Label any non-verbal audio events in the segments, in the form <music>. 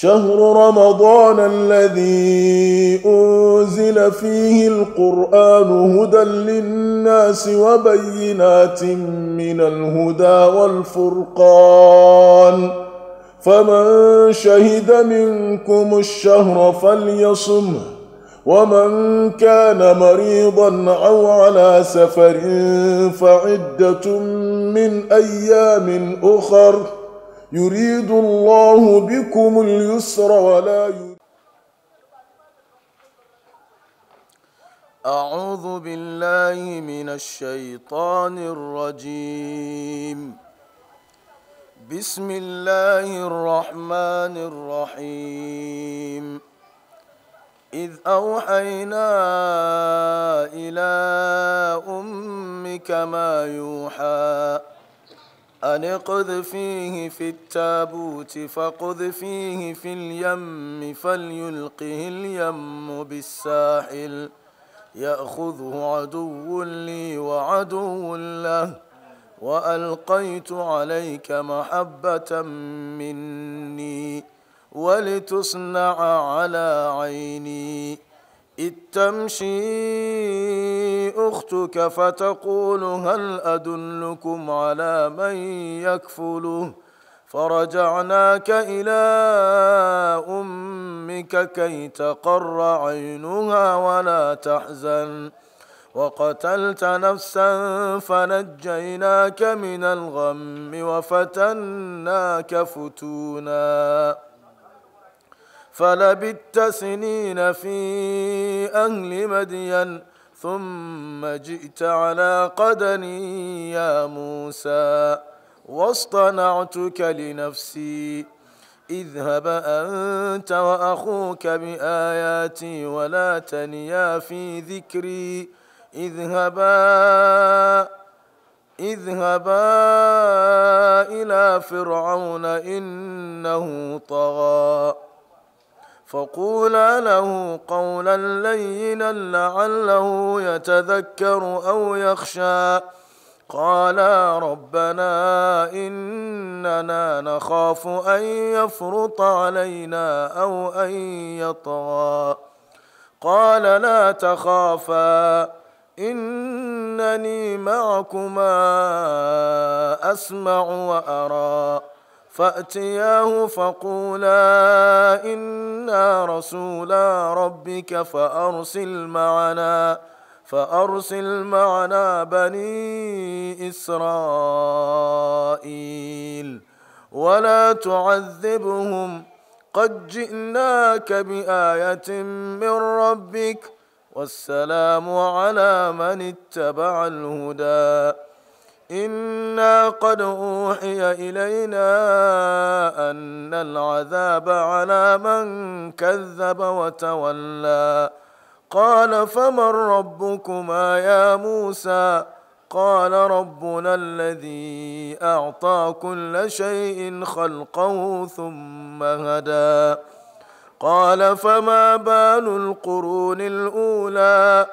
شهر رمضان الذي أنزل فيه القرآن هدى للناس وبينات من الهدى والفرقان فمن شهد منكم الشهر فليصمه ومن كان مريضا أو على سفر فعدة من أيام أخر ۖ يريد الله بكم اليسر ولا يريد أعوذ بالله من الشيطان الرجيم بسم الله الرحمن الرحيم إذ أوحينا إلى أمك ما يوحى أن اقذفيه في التابوت فقذفيه في اليم فليلقه اليم بالساحل يأخذه عدو لي وعدو له وألقيت عليك محبة مني ولتصنع على عيني إذ تمشي أختك فتقول هل أدلكم على من يكفله فرجعناك إلى أمك كي تقر عينها ولا تحزن وقتلت نفسا فنجيناك من الغم وفتناك فتونا فلبت سنين في أهل مدين ثم جئت على قدني يا موسى واصطنعتك لنفسي اذهب أنت وأخوك بآياتي ولا تنيا في ذكري اذهبا اذهبا إلى فرعون إنه طغى فقولا له قولا لينا لعله يتذكر او يخشى قالا ربنا اننا نخاف ان يفرط علينا او ان يطغى قال لا تخافا انني معكما اسمع وارى فأتياه فقولا إنا رسولا ربك فأرسل معنا فأرسل معنا بني إسرائيل ولا تعذبهم قد جئناك بآية من ربك والسلام على من اتبع الهدى إنا قد أوحي إلينا أن العذاب على من كذب وتولى قال فمن ربكما يا موسى قال ربنا الذي أعطى كل شيء خلقه ثم هدى قال فما بال القرون الأولى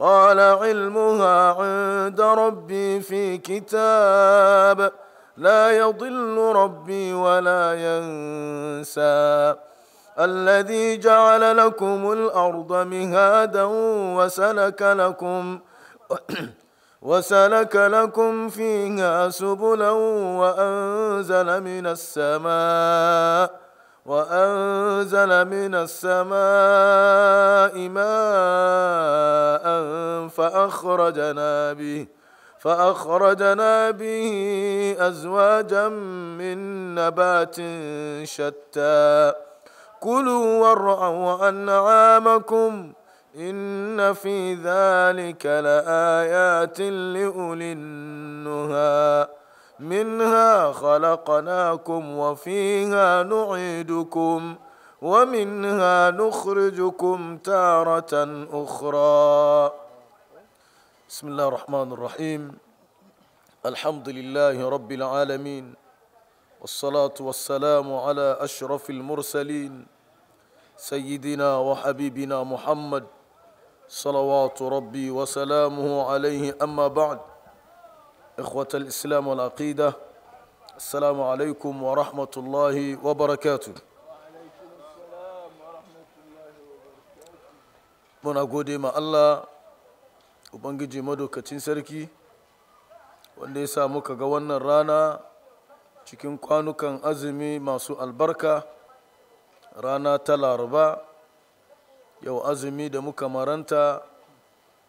قال علمها عند ربي في كتاب لا يضل ربي ولا ينسى الذي جعل لكم الأرض مهادا وسلك لكم <clears throat> وسلك لكم فيها سبلا وأنزل من السماء وأنزل من السماء ماء فأخرجنا به فأخرجنا به أزواجا من نبات شتى كلوا وارعوا أنعامكم إن في ذلك لآيات لأولي النهي منها خلقناكم وفيها نعيدكم ومنها نخرجكم تارة أخرى بسم الله الرحمن الرحيم الحمد لله رب العالمين والصلاة والسلام على أشرف المرسلين سيدنا وحبيبنا محمد صلوات ربي وسلامه عليه أما بعد إخوة الإسلام والعقيدة السلام عليكم ورحمة الله وبركاته muna gode ma Allah Ubangiji madaukacin sarki wanda ya sa muka ga wannan rana cikin kwanukan azumi masu albarka rana ta laraba yau azumi da muka maranta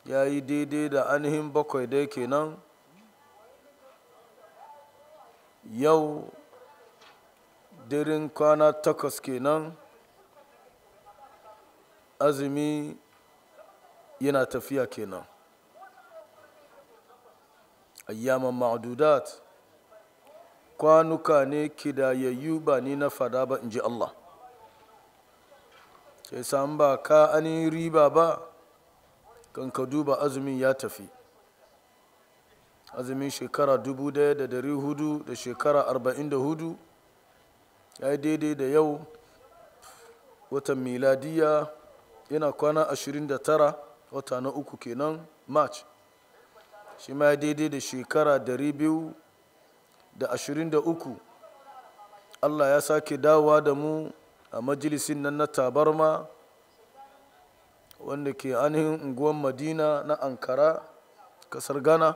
ya yi daidai da ainihin bakwai da dai nan. yau dirin kwana takwas kenan azumi yana tafiya kenan ayyaman ma'adudat kwanuka ne kidayayyu ba ni na fada ba in ji Allah sai san ba ka an riba ba kan ka duba azumin ya tafi azumin shekara dubu daya da shekara arba'in ya yi daidai da yau watan miladiya yana kwana ashirin wata na uku kenan march shi ma ya daidai da shekara dari da ashirin da uku allah ya sake dawowa da mu a majalisin nan na tabarma wanda ke ainihin unguwan madina na ankara kasar ghana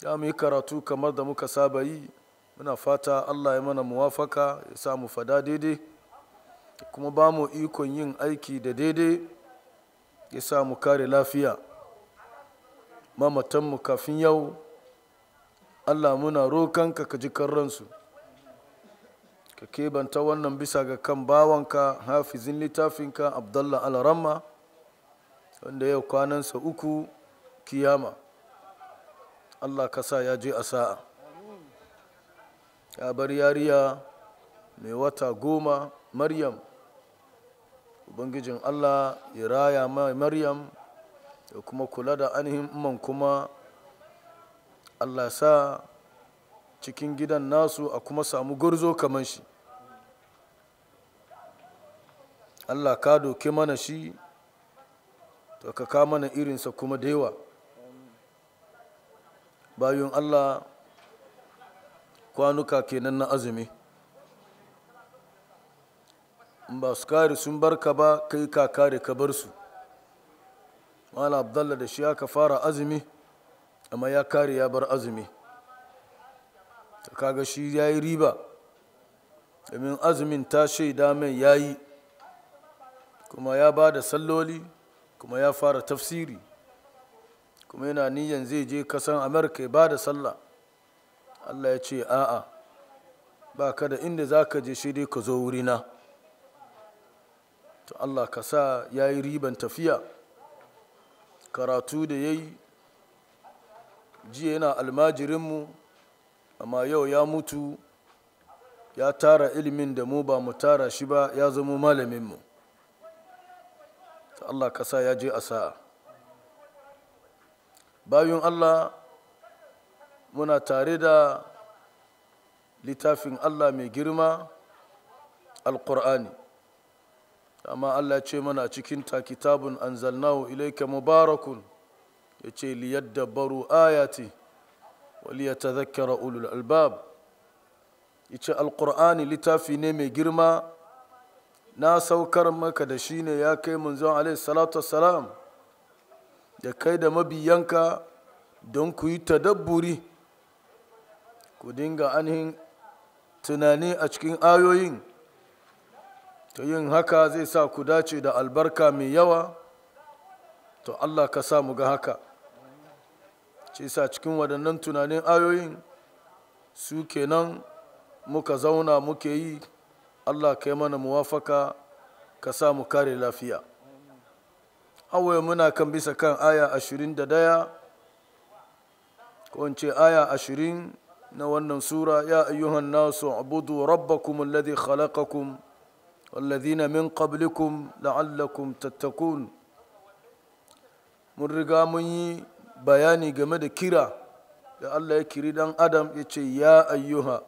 da mu yi karatu kamar da muka saba yi muna fata allah ya mana muwafaka ya sa mu fada daidai kuma ba mu ikon yin aiki da daidai ya sa mu kare lafiya mamatanmu kafin yau allah muna rokanka ka ji ransu ka kebanta wannan bisa ga kan bawanka hafizin littafinka al-ramma wanda yau kwanansa uku kiyama allah ka sa ya je a sa'a ya bar yariya mai wata goma maryam ubangijin allah ya raya mai maryam da kuma kula da ainihin umman kuma allah sa cikin gidan nasu a kuma samu gurzo kamar shi allah ka doke mana shi to ka ka mana irinsa kuma da yawa bayan allah kwanuka kenan na azumi ba su kare sun barka ba kai ka kare ka bar su mala abdalla da shi aka fara azumi amma ya kare ya bar azumi ta kaga shi ya yi riba domin azumin ta shaida mai ya yi kuma ya ba da salloli kuma ya fara tafsiri kuma yana niyan zai je kasan amerika ya ba da sallah allah ya ce a'a ba ka da inda za ka je shi dai ka zo wuri na to allah ka sa ya yi riban tafiya karatu da ya yi jiya yana almajirinmu amma yau ya mutu ya tara ilimin da mu ba mu tara shi ba ya zama malaminmu ta allah ka sa ya je a sa'a bayun allah muna tare da littafin allah mai girma Alƙur'ani amma allah ce mana cikin ta kitabun anzalnahu ilaika mubarakun ya ce liyaddabaru ayati waliyatadhakkara ulul albab yace alkur'ani littafi ne mai girma na saukar maka da shi ne ya kai munzon alaihi salatu wassalam da kai da mabiyanka don ku yi tadabburi ku dinga ainihin tunani a cikin ayoyin ta yin haka zai sa ku dace da albarka mai yawa to allah ka sa mu ga haka ce sa cikin waɗannan tunanin ayoyin su kenan muka zauna muke yi allah ka yi mana muwafaka ka sa mu kare lafiya hawaye muna kan bisa kan aya ashirin da daya ko ce aya ashirin na wannan sura ya ayyuhan nasu abudu rabbakum alladhi khalaqakum walladhina min qablikum la'allakum تتقون mun riga mun yi bayani game da kira da Allah ya kiri dan adam ya ce ya ayyuha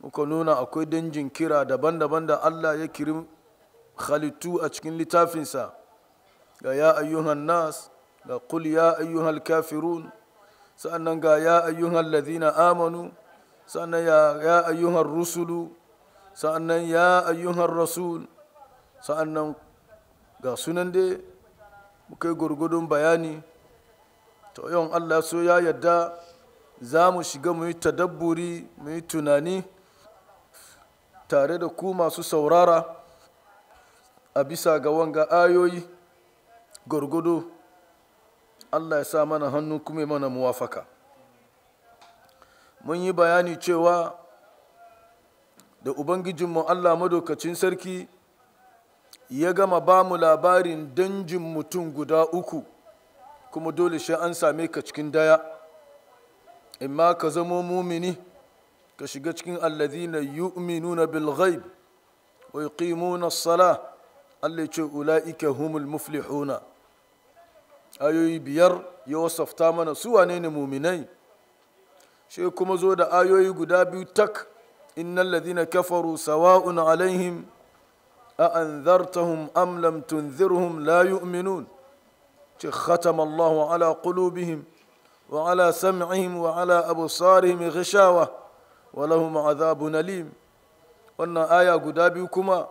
muka nuna akwai danjin kira daban-daban da Allah ya kiri halittu a cikin littafinsa ga ya ayyuhan nas ga qul ya ayyuhan kafirun sa'annan ga ya ayyuhan Ladina amanu sa'annan ya ayyuhan rusulu sa'annan ya ayyuhan rasul sa'annan ga sunan dai muka yi gurgudun bayani ta yawan allah so ya yadda za mu shiga mu yi tadabburi mu yi tunani tare da ku masu saurara a bisa ga wanga ayoyi gwargwado allah ya sa mana hannu kuma mana muwafaka mun yi bayani cewa da ubangijinmu allah madaukacin sarki ya gama ba mu labarin danjin mutum guda uku kuma dole shi an same ka cikin daya imma ka zamo mumini ka shiga cikin allazina yu'minuna bil ghaib wa yuqimuna as-salah Allah ce ula'ika humul muflihuna ayoyi biyar ya wasafta mana su wane ne muminai shi kuma zo da ayoyi guda biyu tak innal ladhina kafaru sawa'un alaihim a anzartahum am lam tunzirhum la yu'minun ce khatama Allahu ala kulubihim wa ala sam'ihim wa ala absarihim ghishawa wa lahum adhabun alim wannan aya guda biyu kuma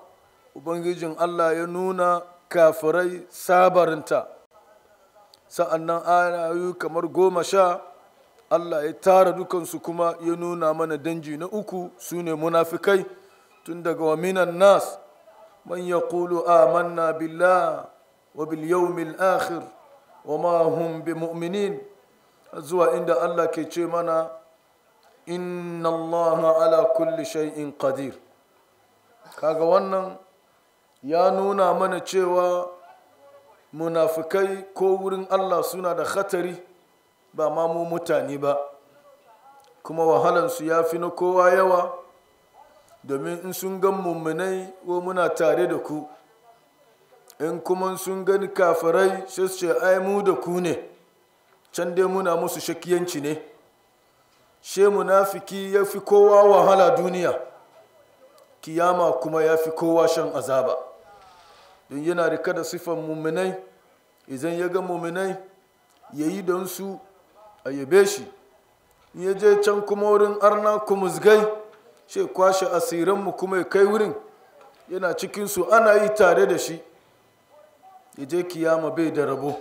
ubangijin Allah ya nuna kafirai sabarinta sa'annan ayayu kamar goma sha Allah ya tara dukansu kuma ya nuna mana danji na uku su ne munafikai tun daga wa minan nas man ya kulu amanna billah wa bil yawmil akhir wa ma hum bi mu'minin zuwa inda Allah ke ce mana inna Allah ala kulli shay'in qadir kaga wannan ya nuna mana cewa munafikai ko wurin allah suna da khatari ba ma mu mutane ba kuma wahalansu ya fi na kowa yawa domin in sun gan mummunai ko muna tare da ku in kuma sun gani kafarai, sai su ce ai da ku ne can dai muna musu shakiyanci ne she munafiki ya fi kowa wahala duniya kiyama kuma ya fi kowa shan azaba don yana rike da sifan muminai idan ya ga muminai ya yi don su a yabe shi ya je can kuma wurin arna kumuzgai shi kwashe asiranmu kuma ya kai wurin yana cikinsu ana yi tare da shi ya je kiyama bai da rabo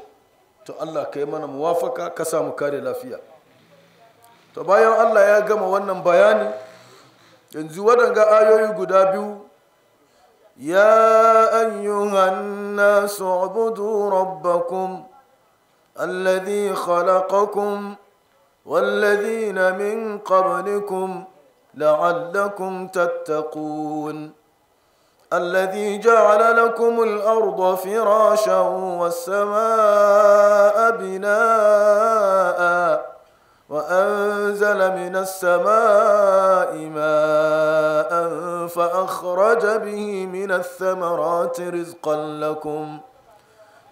to allah ka yi mana muwafaka ka samu kare lafiya to bayan allah ya gama wannan bayani yanzu waɗanga ayoyi guda biyu يا أيها الناس اعبدوا ربكم الذي خلقكم والذين من قبلكم لعلكم تتقون الذي جعل لكم الأرض فراشا والسماء بناءً وأنزل من السماء ماء فأخرج به من الثمرات رزقا لكم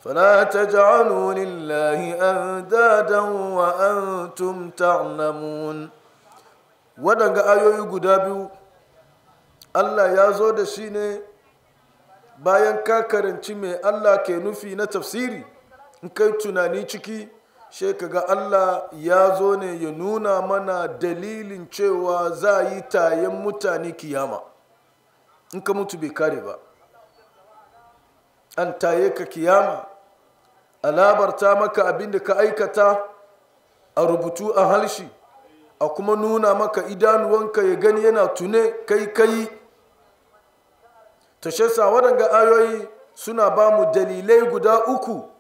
فلا تجعلوا لله أندادا وأنتم تعلمون ودنك أيوي يقدابيو الله ya zo da shi ne bayan ka karanci نتفسيري Allah ke nufi she kaga Allah ya zo ne ya nuna mana dalilin cewa za yi tayen mutane kiyama in ka mutu bai kare ba an taye ka kiyama a labarta maka abin da ka aikata a rubutu a halshi a kuma nuna maka idanuwanka ya gani yana tune kai kai ta shesa waɗanga ayoyi suna ba mu dalilai guda uku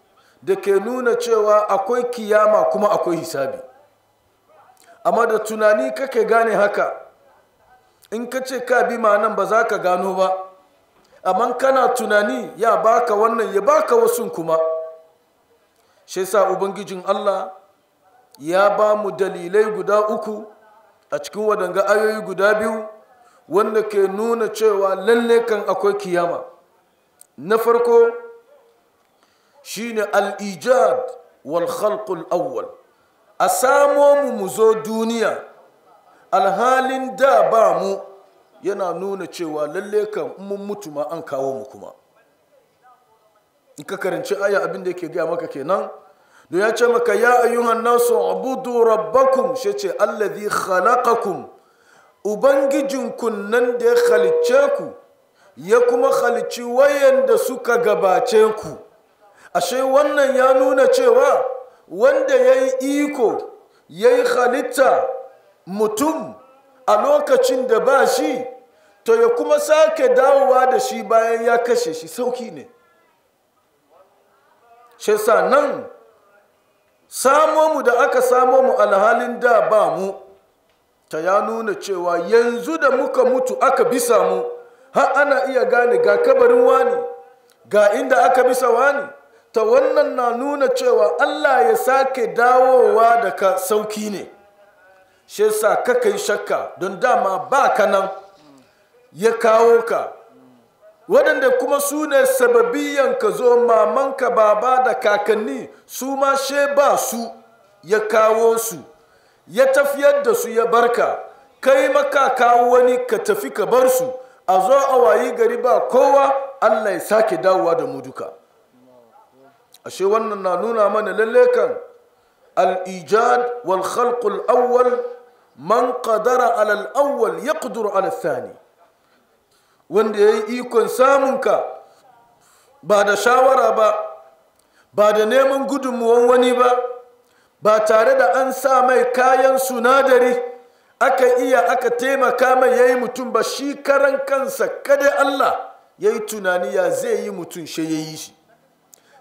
da ke nuna cewa akwai kiyama kuma akwai hisabi amma da tunani kake gane haka in ka ce ka bi nan ba za ka gano ba amma kana tunani ya baka wannan ya baka wasu kuma shi sa ubangijin allah ya ba mu dalilai guda uku a cikin wadanga ayoyi guda biyu wanda ke nuna cewa lalle kan akwai kiyama na farko shine al-ijad wal khalqul awwal a samo mu mu zo duniya alhalin da ba mu yana nuna cewa lalle kan mun mutu ma an kawo mu kuma in ka karanci aya abin da yake gaya maka kenan don ya ce maka ya ayyuhan nasu abudu rabbakum shi ce allazi khalaqakum ubangijinku nan da ya halicce ku ya kuma halicci wayanda suka gabace ku ashe wannan ya nuna cewa wanda ya yi iko ya yi halitta mutum a lokacin da ba shi to ya kuma sake dawowa da shi bayan ya kashe shi sauki ne shi nan samo mu da aka samo mu alhalin da ba mu ta ya nuna cewa yanzu da muka mutu aka bisa mu har ana iya gane ga kabarin wani ga inda aka bisa wani ta wannan na nuna cewa Allah ya sake dawowa da ka sauki ne shi ka kai shakka don dama ba ka nan ya kawo ka waɗanda kuma su ne sababiyan ka zo mamanka baba da kakanni su ma she ba su ya kawo su ya tafiyar da su ya barka kai maka kawo wani ka tafi ka bar su a zo a wayi gari ba kowa Allah ya sake dawowa da mu duka ashe wannan na nuna mana lallai kan al-ijad wal khalq awwal man qadara ala al-awwal yaqdiru ala wanda yayi ikon samun ka ba da shawara ba ba da neman gudunmuwan wani ba ba tare da an sa mai kayan sunadari aka iya aka taimaka mai yayi mutum ba shi karan kansa kada Allah yayi tunani ya zai yi mutum shi yayi shi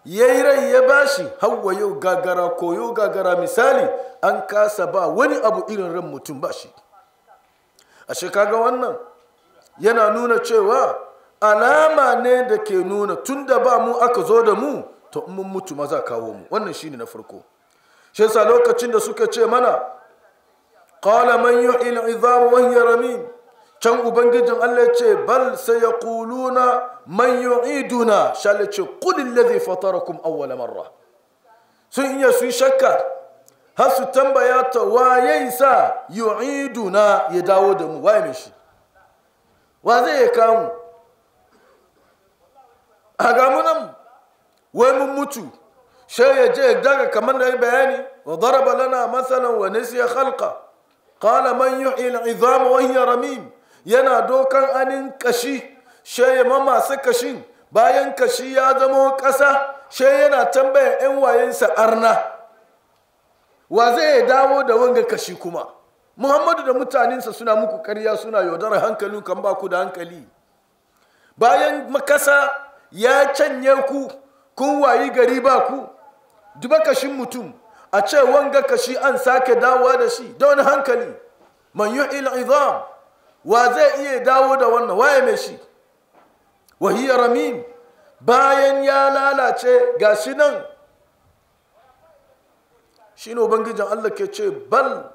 ya yi rai ya bashi hawa yau gagara koyo gagara misali an kasa ba wani abu irin ran mutum ba shi a shekaga wannan yana nuna cewa alama ne da ke nuna tun da ba mu aka zo da mu to mun mutu maza kawo mu wannan shi ne na farko shi sa lokacin da suka ce mana ƙalaman man yuhyi wani idham can ubangijin Allah ya ce bal sai ya kuluna man yu'iduna shalla ce kulin lazi kuma awwala marra sun iya su shakka har su tambaya ta waye sa yu'iduna ya dawo da mu waye shi wa zai ya kamu a gamu wai mun mutu shai ya je daga kamar da ya bayani wa daraba lana masalan wa nasiya khalqa qala man yuhyi al wa hiya ramim yana dokan anin kashi shaye masu kashin bayan kashi ya zama ƙasa shaye yana tambaya 'yan wayensa arna wa zai dawo da wanga kashi kuma muhammadu da mutanensa suna muku karya suna yaudar hankali kan ba da hankali bayan makasa ya canye ku kun wayi gari ba ku duba kashin mutum a ce wanga kashi an sake dawowa da shi don hankali man yi wa zai iya dawo da wannan waye mai shi wahiyar ramin bayan ya lalace ga shi nan shi ne ubangijin allah ke ce bal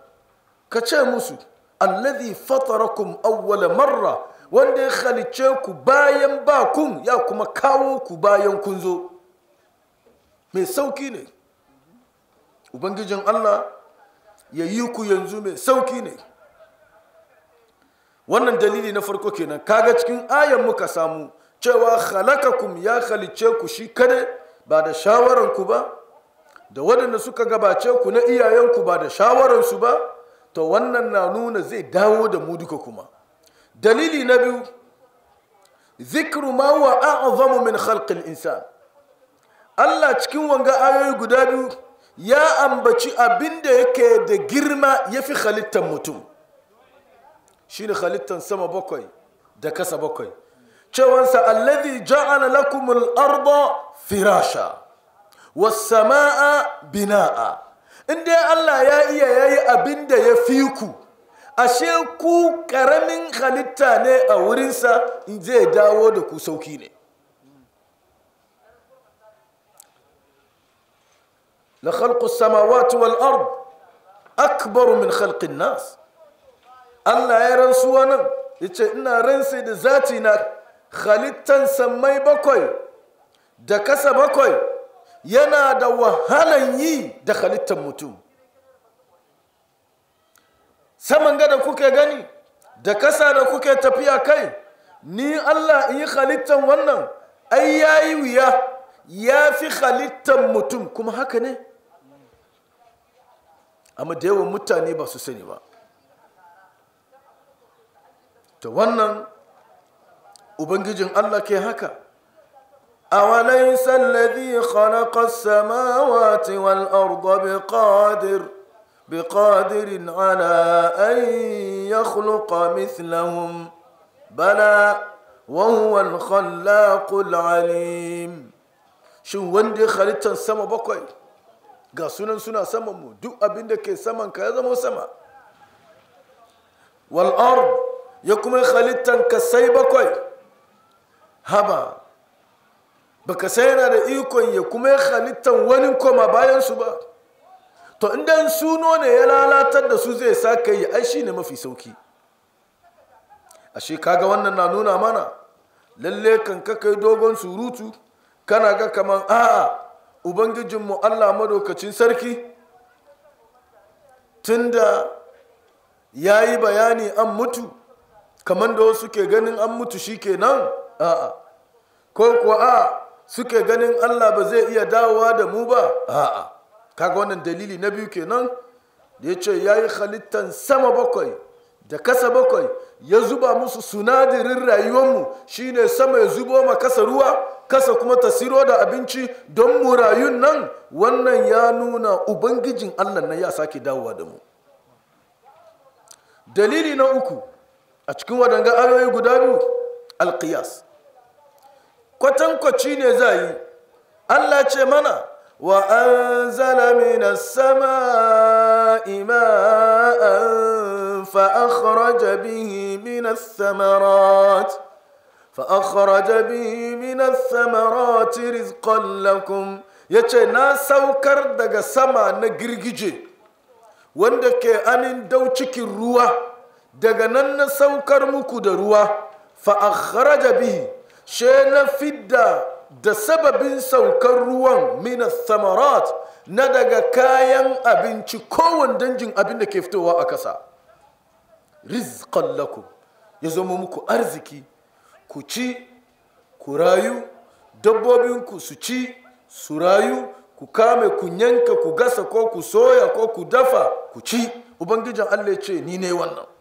ka ce musu allazi fatarakum awwala marra wanda ya halice ku bayan ba ya kuma kawo ku bayan kun zo mai sauki ne ubangijin allah ya yi ku yanzu mai sauki ne wannan dalili na farko kenan kaga cikin ayan muka samu cewa khalakakum ya halice ku shi kade ba da shawaranku ba da waɗanda suka gabace ku na iyayenku ba da shawaransu ba to wannan na nuna zai dawo da mu duka kuma dalili na biyu zikru ma wa a'zamu min khalqil insan Allah cikin wanga ayoyi guda biyu ya ambaci abin da yake da girma yafi halittar mutum shine halittan sama bakwai da kasa bakwai cewansa allazi ja'ala lakum al-arda firasha was samaa binaa inda Allah ya iya yayi abinda ya fi ku ashe ku karamin halitta ne a wurinsa in zai dawo da ku sauki ne la khalqu samawati wal ard akbar min khalqin nas Allah ya rantsuwa nan ya ce ina rantsi da zati na halittan sammai bakwai da kasa bakwai yana da wahalan yi da halittan mutum saman gada kuke gani da kasa da kuke tafiya kai ni Allah in yi halittan wannan ai ya yi wuya ya fi halittan mutum kuma haka ne amma da yawan mutane ba su sani ba ta wannan ubangijin allah ke haka awalaisan ladi khalaqas samawati wal arda biqadir biqadirin ala an yakhluqa mithlahum bala wa huwa al-khallaqul alim shin wanda khalitan sama bakwai ga sunan suna sama mu duk abinda ke saman ka ya zama sama wal ard ya kuma halittan kasai bakwai haba baka sai yana da ikon ya kuma halittan wani koma bayansu ba to inda suno ne ya lalatar da su zai sa ka yi aishi ne mafi sauki ashe kaga wannan na nuna mana lalle kan ka dogon surutu kana ga kamar a'a ubangijinmu allah madokacin sarki tunda ya yi bayani an mutu kamar da wasu ke ganin an mutu shi ke nan? a'a ko kuwa a suke ganin allah ba zai iya dawowa da mu ba a'a kaga wannan dalili na biyu kenan da ya ce ya yi halittan sama bakwai da kasa bakwai ya zuba musu sunadirin rayuwarmu shine sama ya zubo ma kasa ruwa kasa kuma tasiro da abinci don mu rayun nan wannan ya nuna ubangijin allah na ya sake dawowa da mu dalili na uku a cikin waɗanga ayoyi guda biyu alƙiyas kwatankwaci ne za yi allah ce mana wa an zala mina sama ima'an fa'akharaja bihi mina samarat fa'akharaja bihi mina samarat rizqan lakum ya ce na saukar daga sama na girgije wanda ke anin dau cikin ruwa daga nan na saukar muku da ruwa da bihi she na fidda da sababin saukar ruwan minas samarat na daga kayan abinci kowane danjin abin da ke fitowa a ƙasa rizqallaku ya zama muku arziki ku ci ku rayu dabbobinku su ci su rayu ku kame ku yanka ku gasa ko ku soya ko ku dafa ku ci ubangijin allah ce ni ne wannan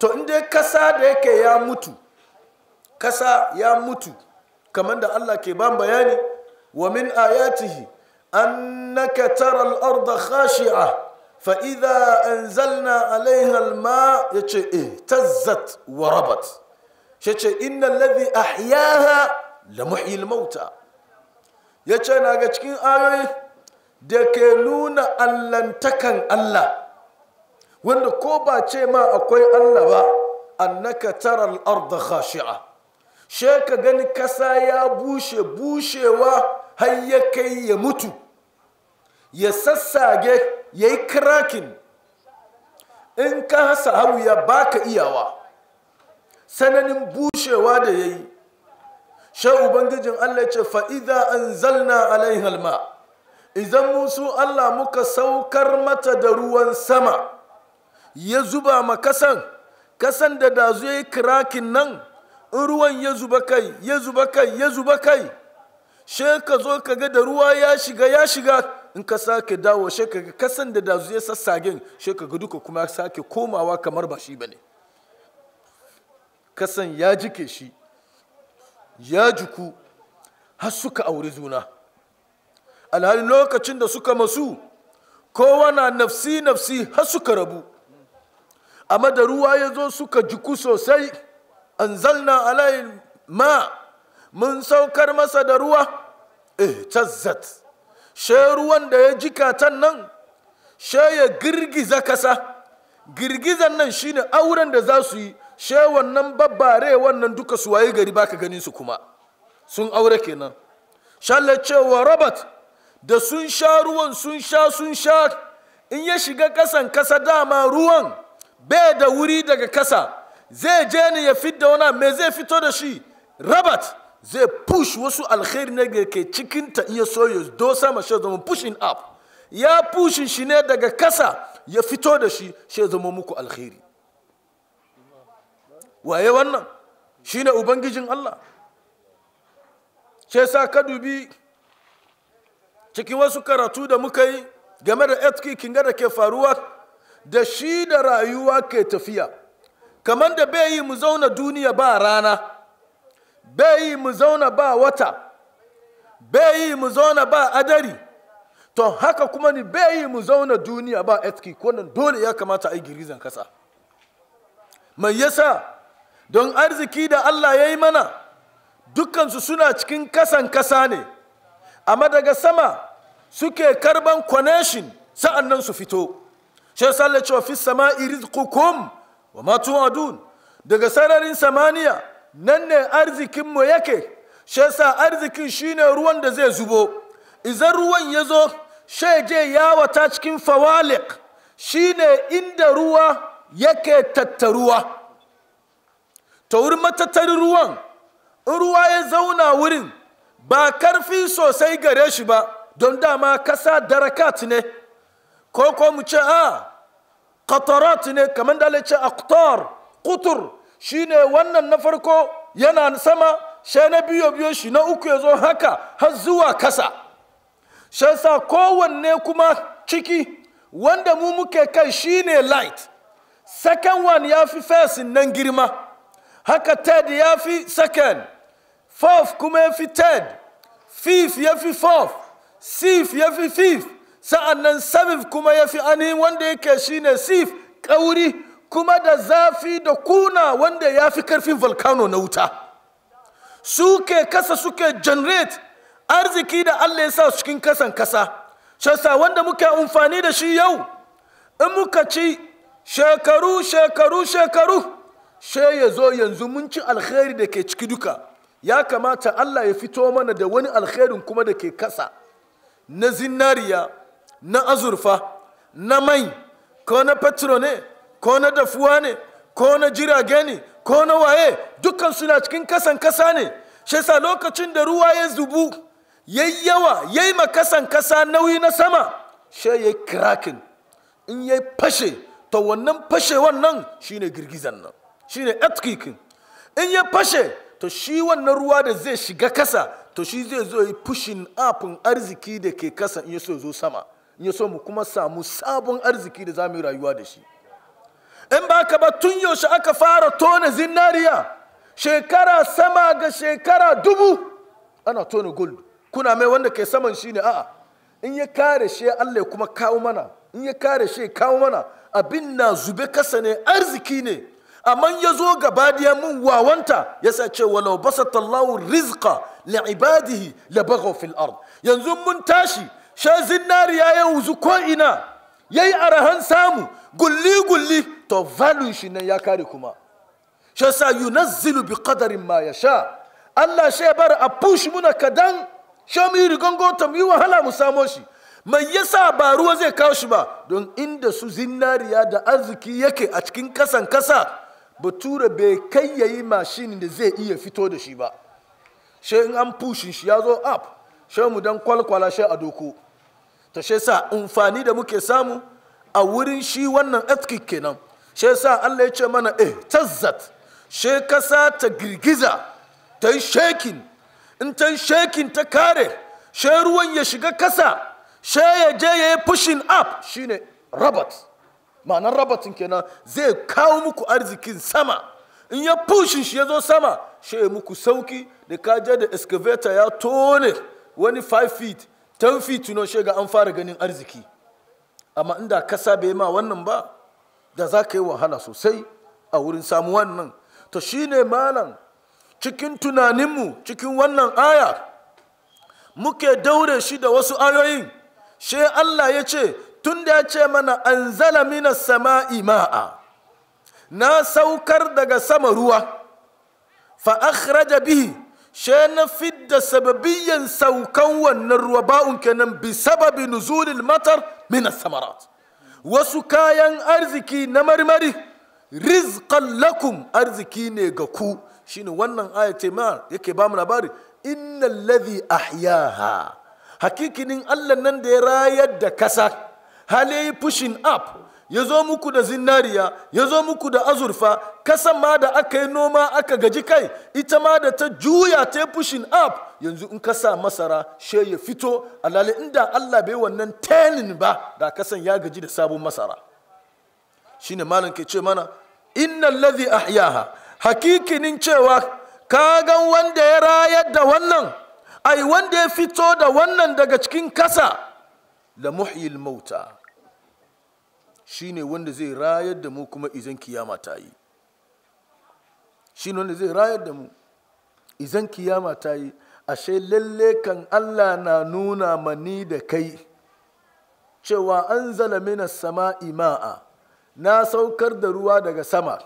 to inda kasa da yake ya mutu kasa ya mutu kamar da Allah ke ban bayani wa min ayatihi annaka tara al ard khashi'a fa idha anzalna 'alayha al-ma yace eh tazzat wa rabat yace inna alladhi ahyaha la muhyi al-mauta yace na ga cikin ayoyi da ke nuna allantakan Allah wanda ko ba ce ma akwai Allah ba annaka taral arda khashi'a she ka gani kasa ya bushe bushewa har ya kai ya mutu ya sassage ya yi krakin in ka hasa hau ba ka iyawa sananin bushewa da ya yi ubangijin allah ce fa'ida an zalna alaihal ma idan musu allah muka saukar mata da ruwan sama ya zuba ma kasan kasan da da zuwa yi kirakin nan in ruwan ya zuba kai ya zuba kai ya zuba kai she ka zo ka ga da ruwa ya shiga ya shiga in ka sake dawo she ka ga kasan da da zuwa ya sassagen she ka ga duka kuma sake komawa kamar ba shi bane kasan ya jike shi ya juku har suka auri juna alhali lokacin da suka masu kowa na nafsi nafsi har suka rabu amma da ruwa ya zo suka jiku sosai an zalna alayin ma mun saukar masa da ruwa eh tazzat she ruwan da ya jikatan nan she ya girgiza kasa girgizan nan shine auren da za su yi she wannan babbare wannan duka su waye gari baka ganin su kuma sun aure kenan shalla cewa robert da sun sha ruwan sun sha sun sha in ya shiga kasan kasa dama ruwan bai da wuri daga kasa zai je ne ya fidda wani me zai fito da shi rabat zai push wasu alkhairi ne ga ke ta iya so do sama ma shi zama pushing up ya pushin shi ne daga kasa ya fito da shi shi zama muku alkhairi waye wannan shine ubangijin Allah shi sa ka dubi cikin wasu karatu da muka yi game da etiki kinga da ke faruwa da shi da rayuwa ke tafiya kamar da bai yi mu zauna duniya ba rana bai yi mu zauna ba wata bai yi mu zauna ba adari to haka kuma ni bai yi mu zauna duniya ba etiki wannan dole ya kamata a yi girizan kasa mai yasa don arziki da Allah ya yi mana dukansu suna cikin kasan kasa ne amma daga sama suke karban sa'an nan su fito ce sallah cewa fi sama'i kukum wa matu adun daga sararin samaniya nan ne arzikin mu yake shi sa arzikin shine ruwan da zai zubo idan ruwan ya zo shi je yawata cikin fawaliq shine inda ruwa yake tattaruwa ta wurin matattarin ruwan in ruwa ya zauna wurin ba karfi sosai gare shi ba don dama kasa darakat ne ko ko mu ce a ah, qatarat ne kamar da Allah kutur aqtar qutur shine wannan na farko yana sama sai na biyo biyo shi na uku yazo haka har zuwa kasa sai sa kowanne kuma ciki wanda mu muke kai shine light second one ya fi first nan girma haka third ya fi second fourth kuma ya fi third fifth ya fi fourth sixth ya fi fifth sa'an nan samif kuma ya fi ainihin wanda yake shine sif kauri kuma da zafi da kuna wanda ya fi karfin volcano na wuta suke kasa suke generate arziki da allah ya sa cikin kasan kasa shasa wanda muke amfani da shi yau in muka ci shekaru shekaru shekaru she ya zo yanzu mun ci alkhairi da ke ciki duka ya kamata allah ya fito mana da wani alkhairin kuma da ke kasa na zinariya na azurfa na mai ko na petro ne ko na dafuwa ne ko na jirage ne ko na waye dukkan suna cikin kasan kasa ne shi lokacin da ruwa ya zubu yayi yawa yayi ma kasan kasa nauyi na sama shi yayi kirakin in yayi fashe to wannan fashe wannan shine girgizan nan shine etkikin in ya fashe to shi wannan ruwa da zai shiga kasa to shi zai zo yi pushing up arziki da ke kasa in ya so zo sama ya so mu kuma samu sabon arziki da za mu yi rayuwa da shi in ba ka ba tun yaushe aka fara tona zinariya shekara sama ga shekara dubu ana tona gold kuna mai wanda ke saman shi ne a'a in ya kare shi Allah kuma kawo mana in ya kare shi kawo mana abin na zube kasa ne arziki ne amma ya zo da mun wawanta ya sa ce walau basatallahu rizqa li ibadihi la baghaw fil ard yanzu mun tashi she zinariya ya wuzu ko ina yayi arahan samu gulli gulli to value shi nan ya kare kuma shi yasa yunazzilu bi qadarin ma ya sha. Allah shi ya bar a push muna kadan shi mu yi rigongo ta mu yi wahala mu samo shi mai yasa ba ruwa zai kawo shi ba don inda su zinariya da arziki yake a cikin kasan kasa bature bai kai yayi mashin da zai iya fito da shi ba shi in an pushin shi ya zo up shan mu dan kwalkwala shi a doko ta shi sa amfani da muke samu a wurin shi wannan etkik kenan shi sa Allah ya ce mana eh tazzat she kasa ta girgiza ta shekin in ta shekin ta kare she ruwan ya shiga kasa she ya je ya yi pushing up shine rabat ma'anar rabatin kenan zai kawo muku arzikin sama in ya pushin shi ya zo sama she muku sauki da kaje da excavator ya tone wani 5 feet tan fitino shiga an fara ganin arziki amma inda kasa bai ma wannan ba da za ka yi wahala sosai a wurin samu wannan to shine malam cikin tunaninmu cikin wannan aya muke daure shi da wasu ayoyin she Allah ya ce tun da ya ce mana an zala mina sama'i ma'a na saukar daga sama ruwa fa akhraja bihi she na fidda sababiyan saukan wannan ruwa ba'un kenan bi sababi nuzulil matar min samarat wasu kayan arziki na marmari rizqan lakum arziki ne ga ku shine wannan aya ce ma yake ba mu labari innal ladhi ahyaha hakikinin Allah nan da ya rayar da kasa hale pushing up ya zo muku da zinariya ya zo muku da azurfa kasan ma da aka yi noma aka gaji kai ita ma da ta juya ta pushing up yanzu in ka sa masara she ya fito alali inda Allah bai wannan tenin ba da kasan ya gaji da sabon masara shine malam ke ce mana innal ladhi ahyaha hakikinin cewa kagan wanda ya rayar da wannan ai wanda ya fito da wannan daga cikin kasa la muhyil mauta shine wanda zai rayar da mu kuma izan kiyama ta yi shi ne zai rayar da mu izan kiyama ta yi ashe lalle kan allah na nuna mani da kai cewa an zala mina sama ima'a na saukar da ruwa daga sama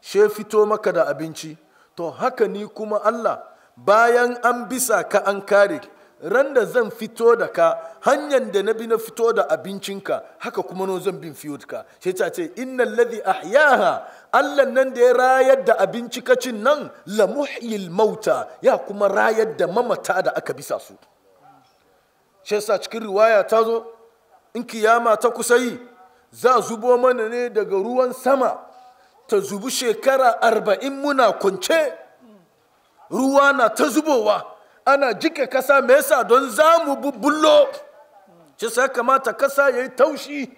she fito maka da abinci to haka ni kuma allah bayan an bisa ka an kare ran da zan fito da ka hanyar da na bi na fito da abincinka haka kuma no zan bin fiyo ka sai ta ce inna ladhi ahyaha Allah nan da ya rayar da abinci kacin nan la muhyil mauta ya kuma rayar da mamata da aka bisa su shi yasa cikin riwaya ta zo in kiyama ta kusa yi za zubo mana ne daga ruwan sama ta zubi shekara arba'in muna kunce ruwa na ta zubowa ana jika kasa me yasa don za mu bubullo shi ya kamata kasa ya yi taushi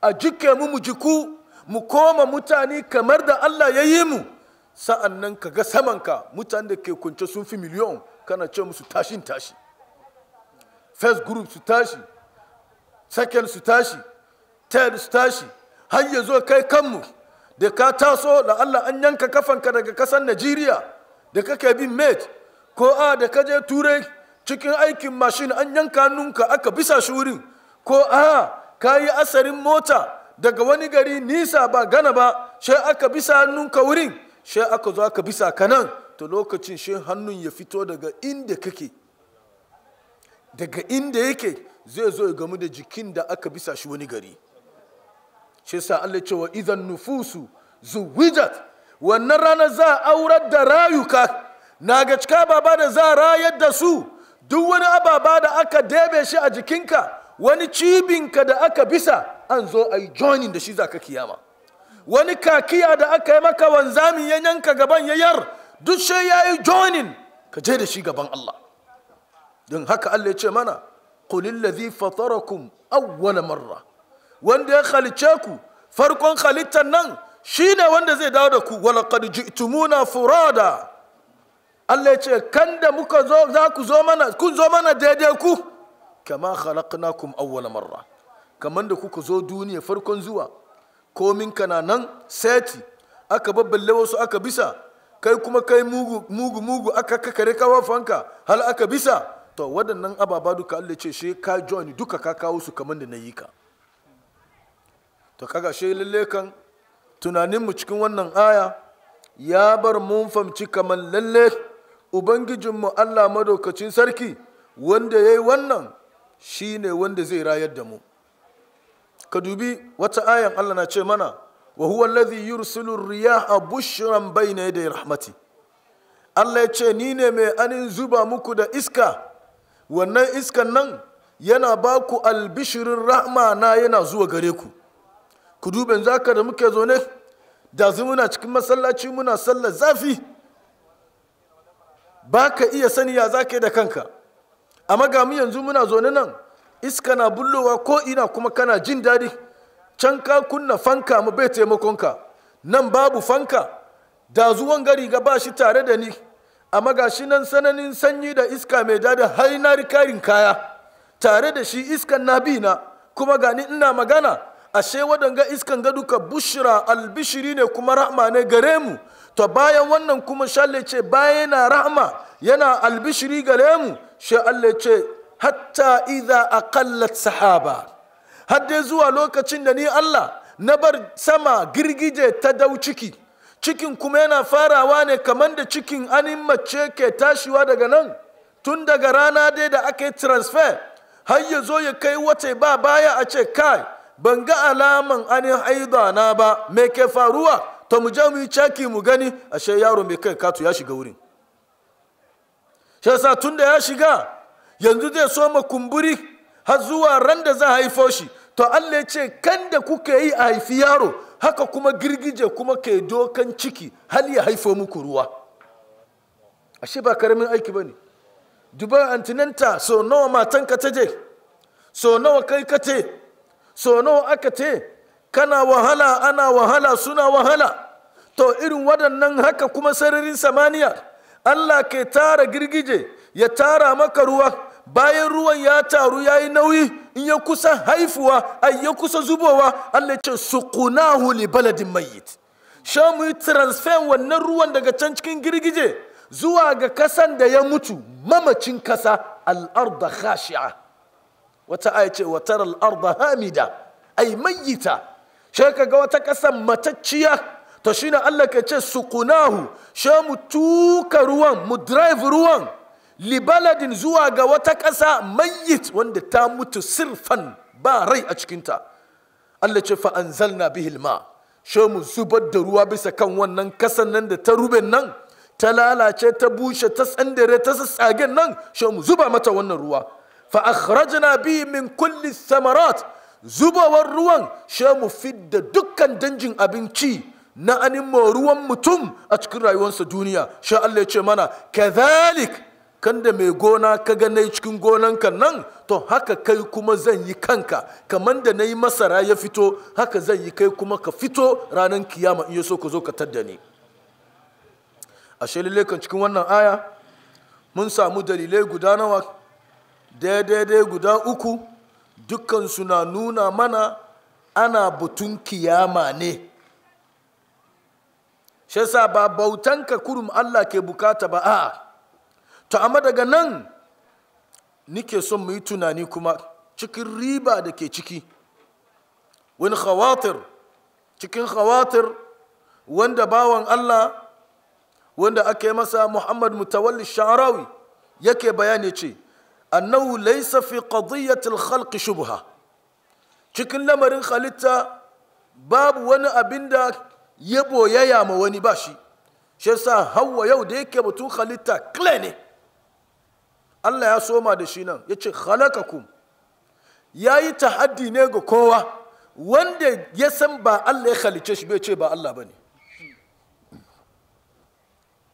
a jike mu mu jiku mu koma mutane kamar da Allah ya yi mu sa'an nan ka ga samanka mutane da ke kunce sun fi miliyon kana ce musu tashin tashi first group su tashi second su tashi third su tashi har ya zo kai kanmu da ka taso da Allah an yanka kafanka daga kasar Najeriya da kake bin mate ko a da ka je turai cikin aikin mashin an yanka nunka aka bisa shi ko a ka yi asarin mota daga wani gari nisa ba gana ba shi aka bisa hannunka wurin shi aka zo aka bisa ka nan to lokacin shi hannun ya fito daga inda kake daga inda yake zai zo ya gamu da jikin da aka bisa shi wani gari shi sa Allah cewa idan nufusu zuwijat wannan ranar za a aurar da rayuka na ga cika baba da za a rayar da su duk wani ababa da aka debe shi a jikinka wani cibinka da aka bisa an zo a yi joining da shi za ka kiyama wani kakiya da aka yi maka wanzami ya yanka gaban ya yar duk shi ya yi joining ka je da shi gaban Allah don haka Allah ya ce mana qulil ladhi fatarakum awwala marra wanda ya halice ku farkon halittar nan shine wanda zai dawo da ku wala qad ji'tumuna furada Allah ya ce kan da muka zo za ku zo mana kun zo mana daidai ku kama khalaqnakum awwala marra kamar da kuka zo duniya farkon zuwa komin kana nan seti aka babballe wasu aka bisa kai kuma kai mugu mugu aka kakare fanka hal aka bisa to waɗannan ababa duka Allah ce shi ka join duka ka kawo su kamar da na yi ka to kaga shi lalle kan tunaninmu cikin wannan aya ya bar mun famci kamar lalle ubangijinmu Allah madaukacin sarki wanda ya yi wannan shi ne wanda zai rayar da mu ka dubi wata ayan Allah na ce mana wa huwa alladhi yursilu riyaha bushran bayna yaday rahmati Allah ya ce ni ne mai anin zuba muku da iska wannan iskan nan yana ba ku albishirin rahma na yana zuwa gare ku ku duben zaka da muke zo ne da muna cikin masallaci muna sallar zafi ba ka iya sani ya zaka da kanka amma ga mu yanzu muna zo nan iska na bullowa ko ina kuma kana jin daɗi can ka kunna fanka mu bai taimakonka nan babu fanka da zuwan gari ga ba shi tare da ni amma gashi nan sananin sanyi da iska mai daɗi har na rikarin kaya tare da shi iskan na bi na kuma gani ina magana ashe waɗanga iskan ga duka bushira albishiri ne kuma rahma ne gare mu to bayan wannan kuma shalle ce bayan yana rahma yana albishiri gare mu shi Allah ce hatta iza aqallat sahaba har dai zuwa lokacin da ni Allah na bar sama girgije ta dau ciki cikin kuma yana farawa ne kamar da cikin anin mace ke tashiwa daga nan tun daga rana dai da aka yi transfer har ya zo ya kai wata ba baya a ce kai ban ga alaman anin haida na ba me ke faruwa To mu je mu yi caki mu gani ashe yaro mai kai katu ya shiga wurin shi yasa tun da ya shiga yanzu zai so ma kumburi har zuwa ran da za haifo shi to Allah ya ce kan da kuka yi a haifi yaro haka kuma girgije kuma ke dokan ciki hal ya haifo muku ruwa ashe ba karamin aiki ba ne duba antinanta so nawa matanka ka je so nawa kai ka te so nawa aka te kana wahala ana wahala suna wahala to irin waɗannan haka kuma sararin samaniya allah ke tara girgije ya tara maka ruwa bayan ruwan ya taru ya yi nauyi in ya kusa haifuwa ai ya kusa zubowa Allah ce suqunahu li baladin mayit sha mu yi transfer wannan ruwan daga can cikin girgije zuwa ga kasan da ya mutu mamacin kasa al'arda khashi'a wata aya ce wa tara al'arda hamida ai mayyita sai kaga wata kasan matacciya to shine Allah ke ce suqunahu sha mu tuka ruwan mu drive ruwan libaladin zuwa ga wata ƙasa mayyit wanda ta mutu sirfan ba rai a cikinta Allah ce fa na bi hilma. sha mu zubar da ruwa bisa kan wannan kasan nan da ta rube nan ta lalace ta bushe ta tsandere ta sassagen nan sha mu zuba mata wannan ruwa fa na bi min kulli samarat zubawar ruwan sha mu fidda dukkan danjin abinci na anin ruwan mutum a cikin rayuwarsa duniya sha Allah ya ce mana kazalik kan da mai gona ka ga cikin gonanka nan to haka kai kuma zan yi kanka kamar da na yi masara ya fito haka zan yi kai kuma ka fito ranar kiyama in so ka zo ka tadda ni ashe kan cikin wannan aya mun samu dalilai guda nawa daidai guda uku dukkansu na nuna mana ana butun kiyama ne shi ba bautanka kurum allah ke bukata ba a'a to amma daga nan nike son mu yi tunani kuma cikin riba da ke ciki wani khawatir cikin khawatir wanda bawan Allah wanda aka yi masa Muhammad Mutawalli Sha'rawi yake bayani ce annahu laysa fi qadiyyatil khalqi shubha cikin lamarin halitta babu wani abin da ya boyaya ma wani ba shi shi yasa hawa yau da yake batun halitta kle ne Allah ya soma da shi nan ya ce halakakum ya yi tahaddi ne ga kowa wanda ya san ba Allah ya halice shi bai ce ba Allah ba ne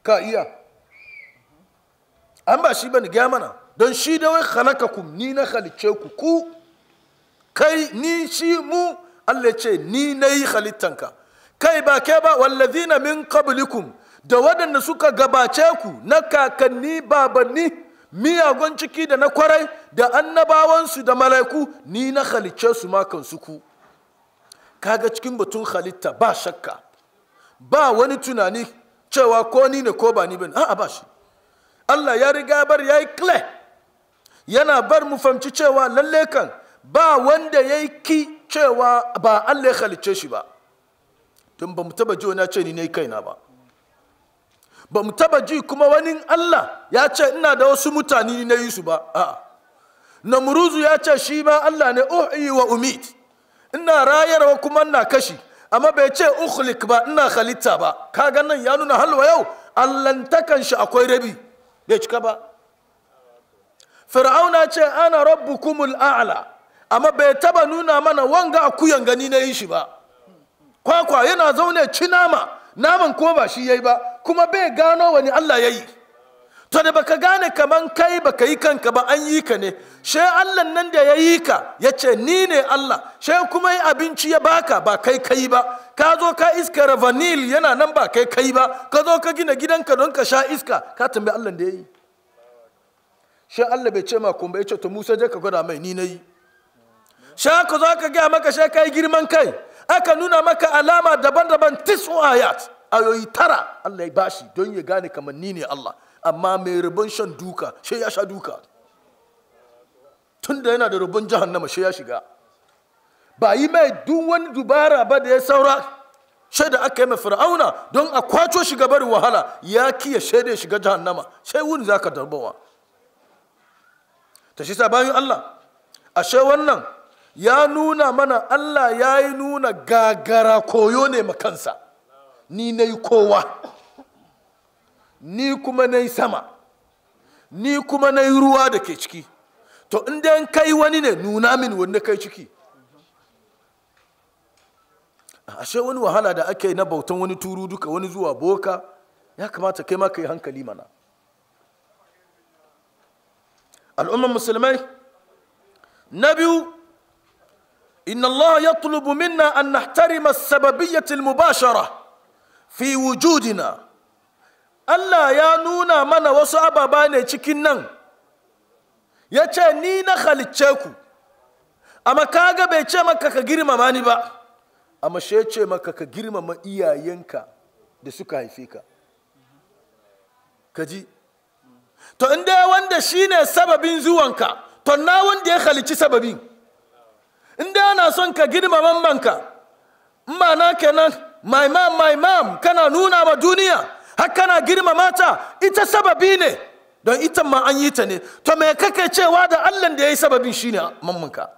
ka iya an ba shi ba gya mana don shi da wai halakakum ni na halice ku ku kai ni shi mu Allah ce ni na yi halittanka kai ba ke ba wallazina min qablikum da waɗanda suka gabace ku na kakanni babanni miyagon ciki da na kwarai da annabawansu da mala'iku ni na halicce su ma kansu ku kaga cikin batun halitta ba shakka ba wani tunani cewa ko ni ne ko ba ni bane a'a ba shi Allah ya riga bar yayi kle yana bar mu famci cewa lalle kan ba wanda yayi ki cewa ba Allah ya halicce shi ba tun ba mu taba ji wani ce ni ne kaina ba ba mu taba ji kuma wani Allah ya ce ina da wasu mutane na yi su ba a'a namuruzu ya ce shi ma Allah ne uhyi wa umit ina rayarwa kuma na kashi amma bai ce ukhlik ba ina halitta ba kaga nan ya nuna halwa yau allantakan shi akwai rabi bai cika ba fir'auna ce ana rabbukumul a'la amma bai taba nuna mana wanga akuyan gani na yi shi ba kwakwa yana zaune ci nama naman ko ba shi yayi ba kuma bai gano wani Allah ya yi to da baka gane kaman kai baka yi kanka ba an yi ka ne shi Allah nan da ya yi ka ya ce ni ne Allah shi kuma yi abinci ya baka ba kai kai ba ka zo ka iska ravanil yana nan ba kai kai ba ka zo ka gina gidanka don ka sha iska ka tambayi Allah da ya yi shi Allah bai ce ma kun bai ce to Musa je ka gwada mai ni na yi she ka zo ka gaya maka she kai girman kai aka nuna maka alama daban-daban tisu ayat ayoyi tara Allah ya bashi don ya gane kamar ni ne Allah amma mai rabon shan duka shi ya sha duka tunda yana da rabon jahannama shi ya shiga ba yi mai duk wani dubara ba da ya saura shi da aka yi mai fir'auna don a kwaco shiga barin wahala ya kiya ya shiga jahannama sai wuni za ka darbawa ta shi bayan Allah ashe wannan ya nuna mana Allah ya yi nuna gagara koyo ne makansa kansa ni na yi kowa ni kuma na sama ni kuma na yi ruwa da ke ciki to inda kai wani ne nuna min wanda kai ciki ashe wani wahala da ake na bautan wani turu duka wani zuwa boka ya kamata kai ma ka yi hankali mana al'ummar musulmai na biyu inna Allah ya tulubu minna an nahtarima sababiyyatil mubashara fi wujudina Allah ya nuna mana wasu ababa ne cikin nan ya ce ni na halicce ku amma kaga bai ce maka ka girmama ni ba amma shi ya ce maka ka girmama iyayenka da suka haife ka kaji to in dai wanda shine sababin zuwanka to na wanda ya halici sababin in dai ana son ka girmama manka in na kenan my mom my mom kana nuna ma duniya har kana girmamata mata ita sababi ne don ita ma an yi ta ne to me kake cewa da Allah da yayi sababin shine mammanka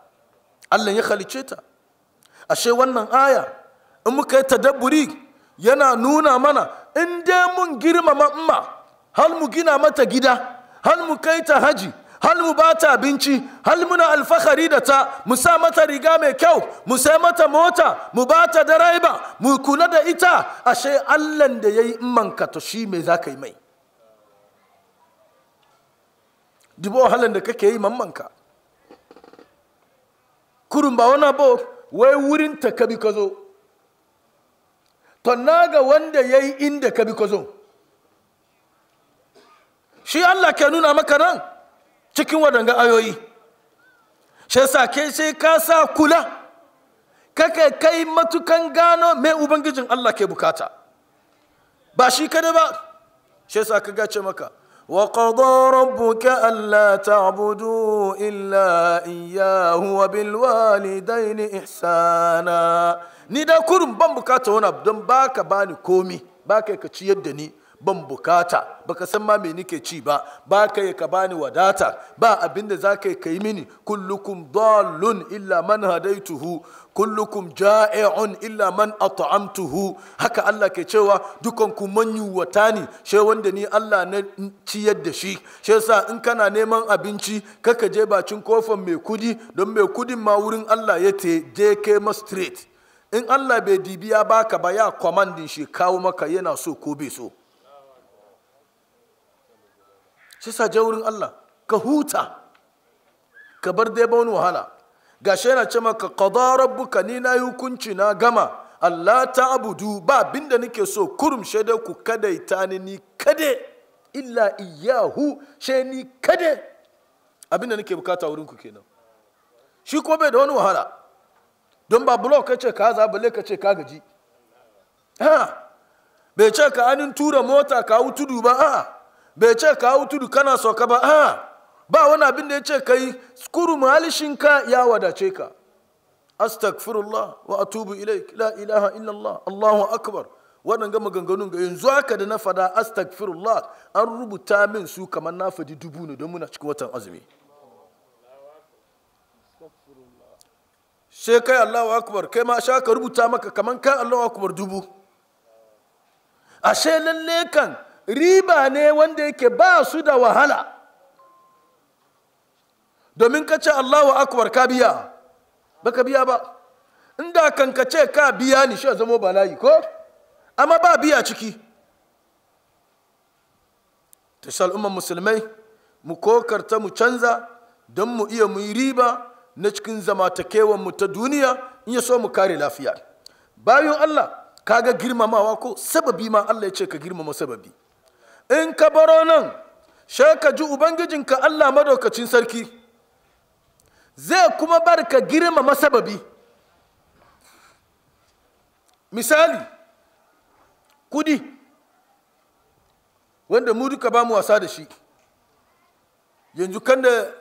Allah ya halice ta ashe wannan aya in muka yi tadabburi yana nuna mana in dai mun girmama mamma har mu gina mata gida har mu kai ta haji hal mu ba ta abinci hal muna alfahari da ta mu sa mata riga mai kyau mu sai mata mota mu ba ta daraiba mu kula da ita ashe allan da ya yi manka to shi mai za ka yi mai dubo halin da kake yi mammanka kurun ba wani abu wai wurin ta kabi ka zo tonna ga wanda ya yi inda kabi ka zo shi allah ke nuna maka nan cikin waɗanga ayoyi shi sai ka sa kula kaka kai matukan gano mai ubangijin Allah ke bukata ba shi kada ba shi yasa ka gace maka wa qada rabbuka alla ta'budu illa iyyahu wa bil walidayni ihsana ni da kurun ban bukata wani abu don baka bani komi baka ka ciyar da ni ban bukata baka san ma me nike ci ba ba ka yi ka bani wadata ba abinda za ka yi mini kullukum dalun illa man hadaituhu kullukum ja'i'un illa man at'amtuhu haka Allah ke cewa dukan ku manyuwata ne she wanda ni Allah na ciyar da shi she yasa in kana neman abinci kaka je bacin kofar mai kudi don mai kudin ma wurin Allah ya te je ke straight in Allah bai dibiya baka ba ya kwamandin shi kawo maka yana so ko bai so shi sa je wurin Allah ka huta ka bar dai ba wani wahala Ga shi yana ce maka qada rabbuka ni na hukunci na gama Allah ta abudu ba abinda nake so kurum da ku kadaita ni ni kade illa iyahu she ni kade abinda nake bukata wurin ku kenan shi ko bai da wani wahala don ba blok ka ce ka zabale ka ce ka gaji ha bai ce ka anin tura mota ka hau tudu ba a'a bai ce ka hau tudu kana sauka ba a ba wani abin da ya ce ka yi skuru mahalishinka ya wadace ka astagfirullah wa atubu ilaik la ilaha illallah allahu akbar waɗanga maganganun ga yanzu haka da na fada astagfirullah an rubuta min su kamar na fadi dubu ne don muna cikin watan azumi sai kai allahu akbar kai ma sha ka rubuta maka kamar kai allahu akbar dubu ashe lalle kan riba ne wanda yake ba su da wahala domin ka ce allahu akwar ka biya ba ka biya ba inda kan ka ce ka biya ni shi zamo bala'i ko amma ba biya ciki ta shi al'umman musulmai mu kokarta mu canza don mu iya mu riba na cikin mu ta duniya in ya so mu kare lafiya bayan allah ga girmamawa ko sababi ma allah ya ce ka girmama sababi in ka baro nan sai ka ji ubangijinka allah madaukacin sarki zai kuma bar ka girmama sababi misali kudi wanda mu duka ba mu wasa da shi yanzu kan da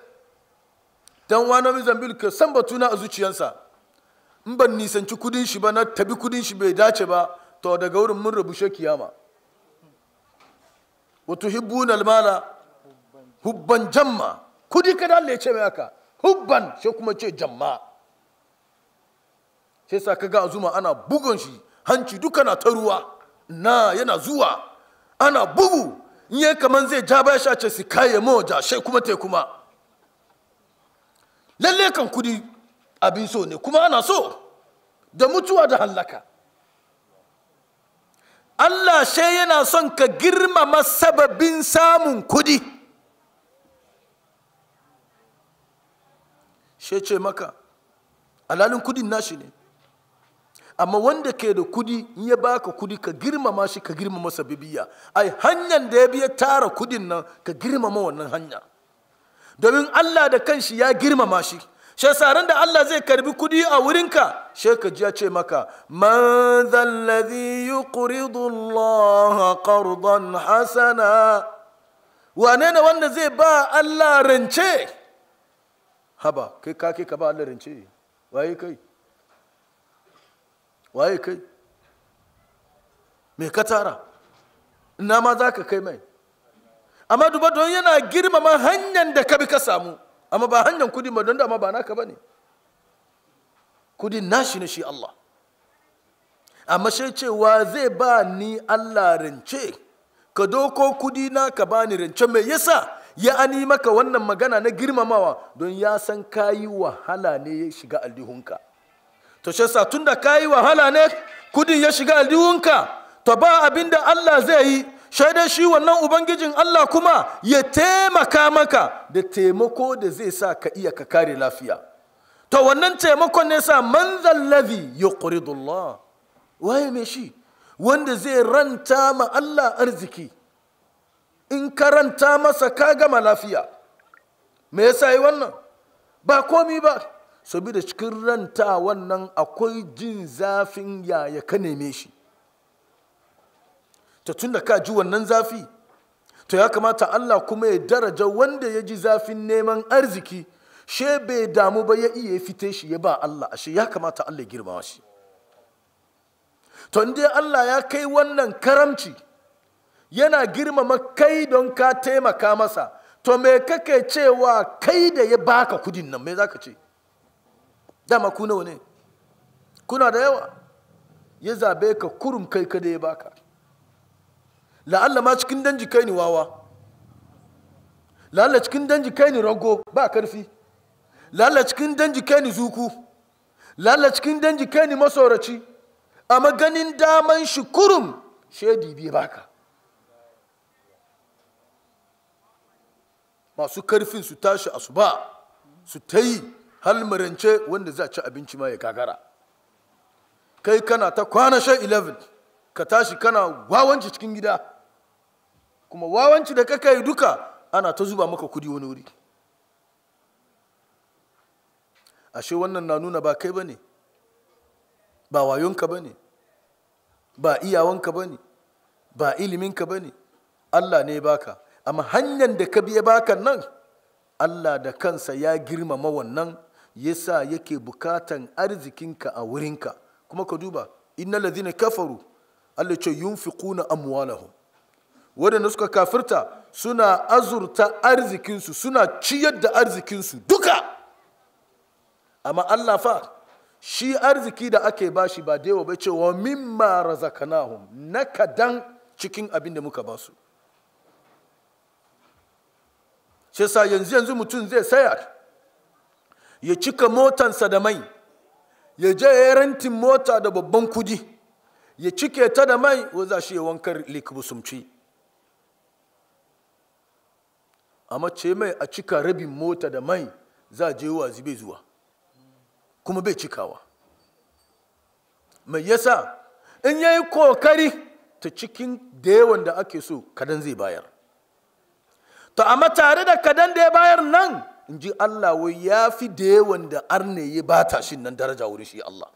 dan wano mizambil ka san batuna a zuciyarsa, in ban nisanci kudin shi ba na tabi kudin shi bai dace ba to daga wurin mun rabu kiyama hibbu na almala hubban jamma kudi kada Allah ce mai haka hubban sai kuma ce jamma sai sa kaga azuma ana bugan shi hanci duka na ta ruwa na yana zuwa ana bugu in yayi kaman zai ja baya sha su kaye moja sai kuma te kuma lalle kan kudi abin so ne kuma ana so da mutuwa da hallaka Allah she yana son ka girmama sababin samun kudi she ce maka alalin kudin nashi ne amma wanda ke da kudi in ya baka kudi ka girmama shi ka girmama sabibiya ai hanyar da ya biya tara kudin nan ka girmama wannan hanya domin Allah da kanshi ya girmama shi shi da Allah zai karbi kudi a wurinka shi ka ya ce maka man zalladhi yuqridu Allah qardan hasana wane ne wanda zai ba Allah rance haba kai ka kai ka ba Allah rance waye kai waye kai me ka tara ina ma za ka kai mai amma duba don yana girmama hanyar da ka bi ka samu amma ba hanyar kudin ba don dama ba naka ba ne kudin nashi na shi Allah amma sai cewa zai ba ni Allah rance ka doko kudi na ka ba ni rance mai yasa ya ani maka wannan magana na girmamawa don ya san kayi wahala ne ya shiga aldihunka to shi yasa tunda kayi wahala ne kudin ya shiga aldihunka to ba abinda Allah zai yi dai shi wannan ubangijin Allah kuma ya taimaka maka da taimako da zai sa ka iya ka kare lafiya to wannan taimakon ne sa man zallazi yuqridu Allah waye me shi wanda zai ranta ma Allah arziki in ka ranta masa ka gama lafiya me yasa yi wannan ba komi ba saboda cikin ranta wannan akwai jin zafin yaya ka neme shi ta tunda ka ji wannan zafi to ya kamata Allah kuma ya daraja wanda ya ji zafin neman arziki she bai damu ba ya iya fite shi ya ba Allah ashe ya kamata Allah ya girmama shi to dai Allah ya kai wannan karamci yana girmama kai don ka taimaka masa to me kake cewa kai da ya baka kudin nan me zaka ce dama ku nawa ne kuna da yawa ya zabe ka kurum kai kada ya baka la'alla ma cikin danji kai ni wawa la'alla cikin danji kai ni rago ba karfi la'alla cikin danji kai ni zuku la'alla cikin danji kai ni masoraci amma ganin daman shi kurum shaidi bi baka masu karfin su tashi asuba su ta yi halmarance wanda za ci abinci ma ya gagara kai kana ta kwana shan 11 ka tashi kana wawanci cikin gida kuma wawanci da kaka yi duka ana ta zuba maka kudi wani wuri ashe wannan na nuna ba kai ba ne ba wayonka ba ne ba iyawanka ba ne ba iliminka ba ne allah ne baka amma hanyar da ka biya baka nan allah da kansa ya girmama wannan yasa yake bukatan arzikinka a wurinka kuma ka duba inna lazina kafaru allah ce kuna amuwalahun waɗanda suka kafirta suna azurta arzikinsu suna ciyar da arzikinsu duka amma Allah fa shi arziki da ake bashi ba dewa bai ce wa mimma razaqnahum na kadan cikin abin da muka basu shi sa yanzu yanzu mutum zai sayar ya cika motansa da mai ya je ya rantin mota da babban kudi ya cike ta da mai wanzashi ya wankar likbusumci amma ce mai a cika rabin mota da mai za a je wa zube zuwa kuma bai cikawa mai yasa in ya yi kokari ta cikin da yawan da ake so kadan zai bayar to amma tare da kadan da ya bayar nan in ji Allah wai ya fi da yawan da arne ya bata shi nan daraja wurin shi Allah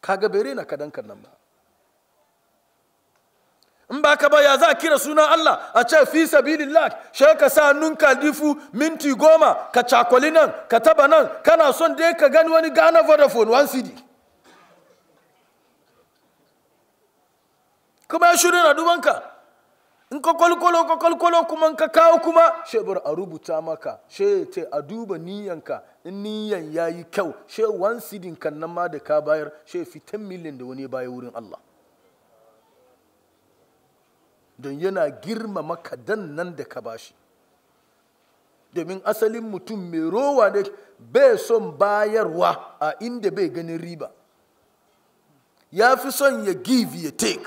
kaga bai na kadan kan nan ba in ba ka ba ya za kira suna Allah a ce fi sabilillah shi ka sa hannunka difu minti goma ka cakwali nan ka taba nan kana son dai ka gani wani gana Vodafone one CD kuma ya shirin a dubanka in ka kwalkwalo ka kwalkwalo kuma ka kawo kuma she a rubuta maka she te a duba niyanka in niyan yi kyau she one cd kan nan ma da ka bayar she fitan miliyan da wani baya wurin Allah don yana girmama kadan nan da ka bashi domin asalin mutum mai rowa ne bai son bayarwa a inda bai ganin riba ya fi son ya give ya take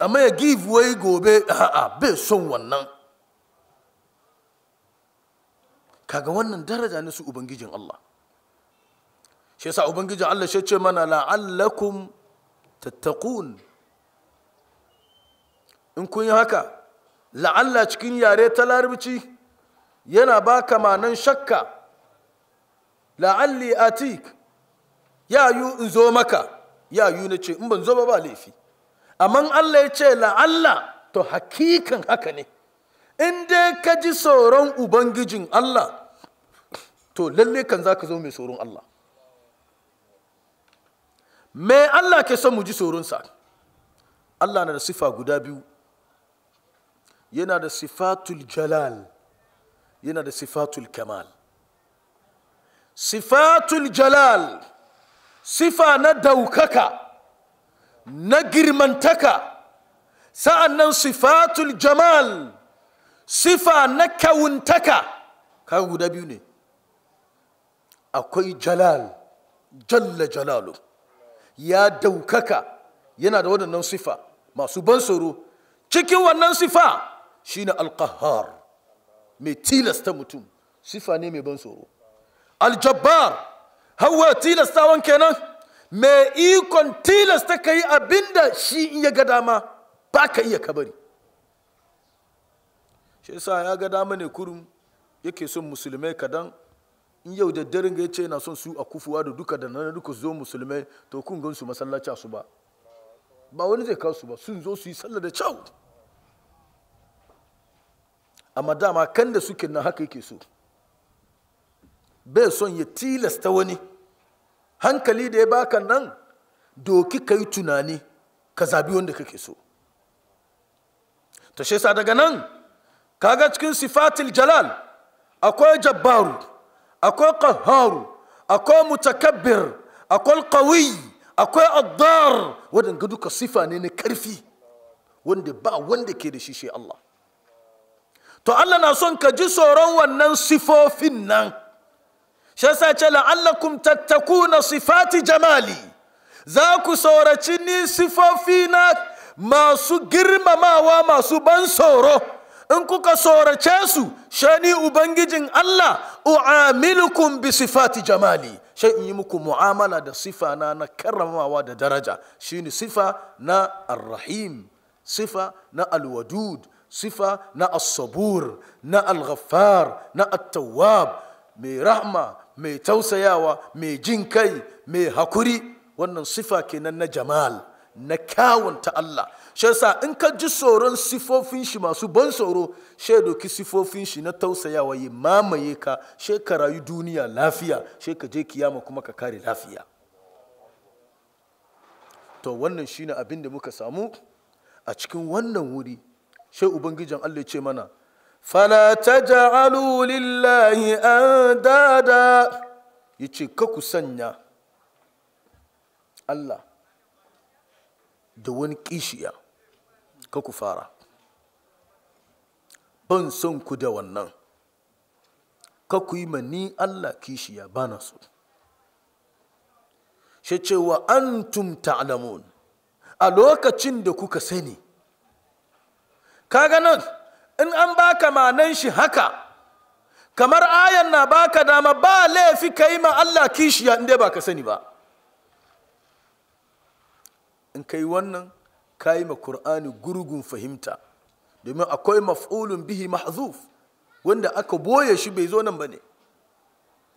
amma ya give wai gobe a'a bai son wannan kaga wannan daraja ne su ubangijin Allah shi yasa ubangijin Allah shi ce mana la'allakum tattaqun in kun yi haka la'alla cikin yare ta larabci yana ba ka manan shakka la'alli atik ya yu in zo maka ya yu na ce in ban zo ba ba laifi amma allah ya ce la'alla to hakikan haka ne in dai ka ji tsoron ubangijin allah to lalle kan za ka zo mai tsoron allah me allah ke son mu ji tsoronsa allah na da sifa guda biyu yana da sifatul jalal yana da sifatul kamal sifatul jalal sifa na daukaka na girmantaka sa'annan sifatul jamal sifa na kawuntaka kaga guda biyu ne akwai jalal jalla jalalu ya daukaka yana da waɗannan sifa masu ban tsoro cikin wannan sifa shine alqahhar mai tilasta mutum sifa ne mai ban tsoro aljabbar hawa tilastawan kenan mai ikon tilasta ka yi abinda shi in ya ga dama ba ka iya kabari shi sa ya ga dama ne kurum yake son musulmai kadan in yau da daren ga ce yana son su a kufuwa da duka da nan duka zo musulmai to kun gan su masallaci su ba ba wani zai kawo su ba sun zo su yi sallah da kyau amma dama kan da suke nan haka yake so bai son ya tilasta wani hankali da ya baka nan doki ka yi tunani ka zabi wanda kake so ta shesa daga nan kaga cikin sifatil jalal akwai jabbaru akwai qaharu akwai mutakabbir akwai qawi akwai addar wadanda duka sifa ne na karfi wanda ba wanda ke da shi shi Allah to Allah na son ka ji tsoron wannan sifofin nan shi yasa ce la'allakum tattakuna sifati jamali za ku tsoraci ni sifofi na masu girmamawa masu ban tsoro in kuka tsorace su shani ubangijin Allah u'amilukum bi sifati jamali shi in yi muku mu'amala da sifa na na karramawa da daraja shine sifa na arrahim sifa na alwadud sifa na asabur na alghafar na attawab mai rahma mai tausayawa mai jin kai mai hakuri wannan sifa kenan na jamal na kyawun Allah shi yasa in ka ji tsoron sifofin shi masu ban tsoro shi doki sifofin shi na tausayawa ya mamaye ka shi ka rayu duniya lafiya shi ka je kiyama kuma ka kare lafiya to wannan shine abin da muka samu a cikin wannan wuri shi ubangijin Allah ce mana fala taj'alu lillahi andada yace ka ku sanya Allah da wani kishiya ka ku fara ban son ku da wannan ka ku yi mani Allah kishiya ba na so shi ce wa antum ta'lamun a lokacin da kuka sani kaga nan in an baka manan shi haka kamar ayan na baka dama ba laifi ka yi ma Allah kishiya inda ba ka sani ba in ka yi wannan ka yi ma Kur'ani gurgun fahimta domin akwai maf'ulun bihi mahzuf wanda aka boye shi bai zo nan ba ne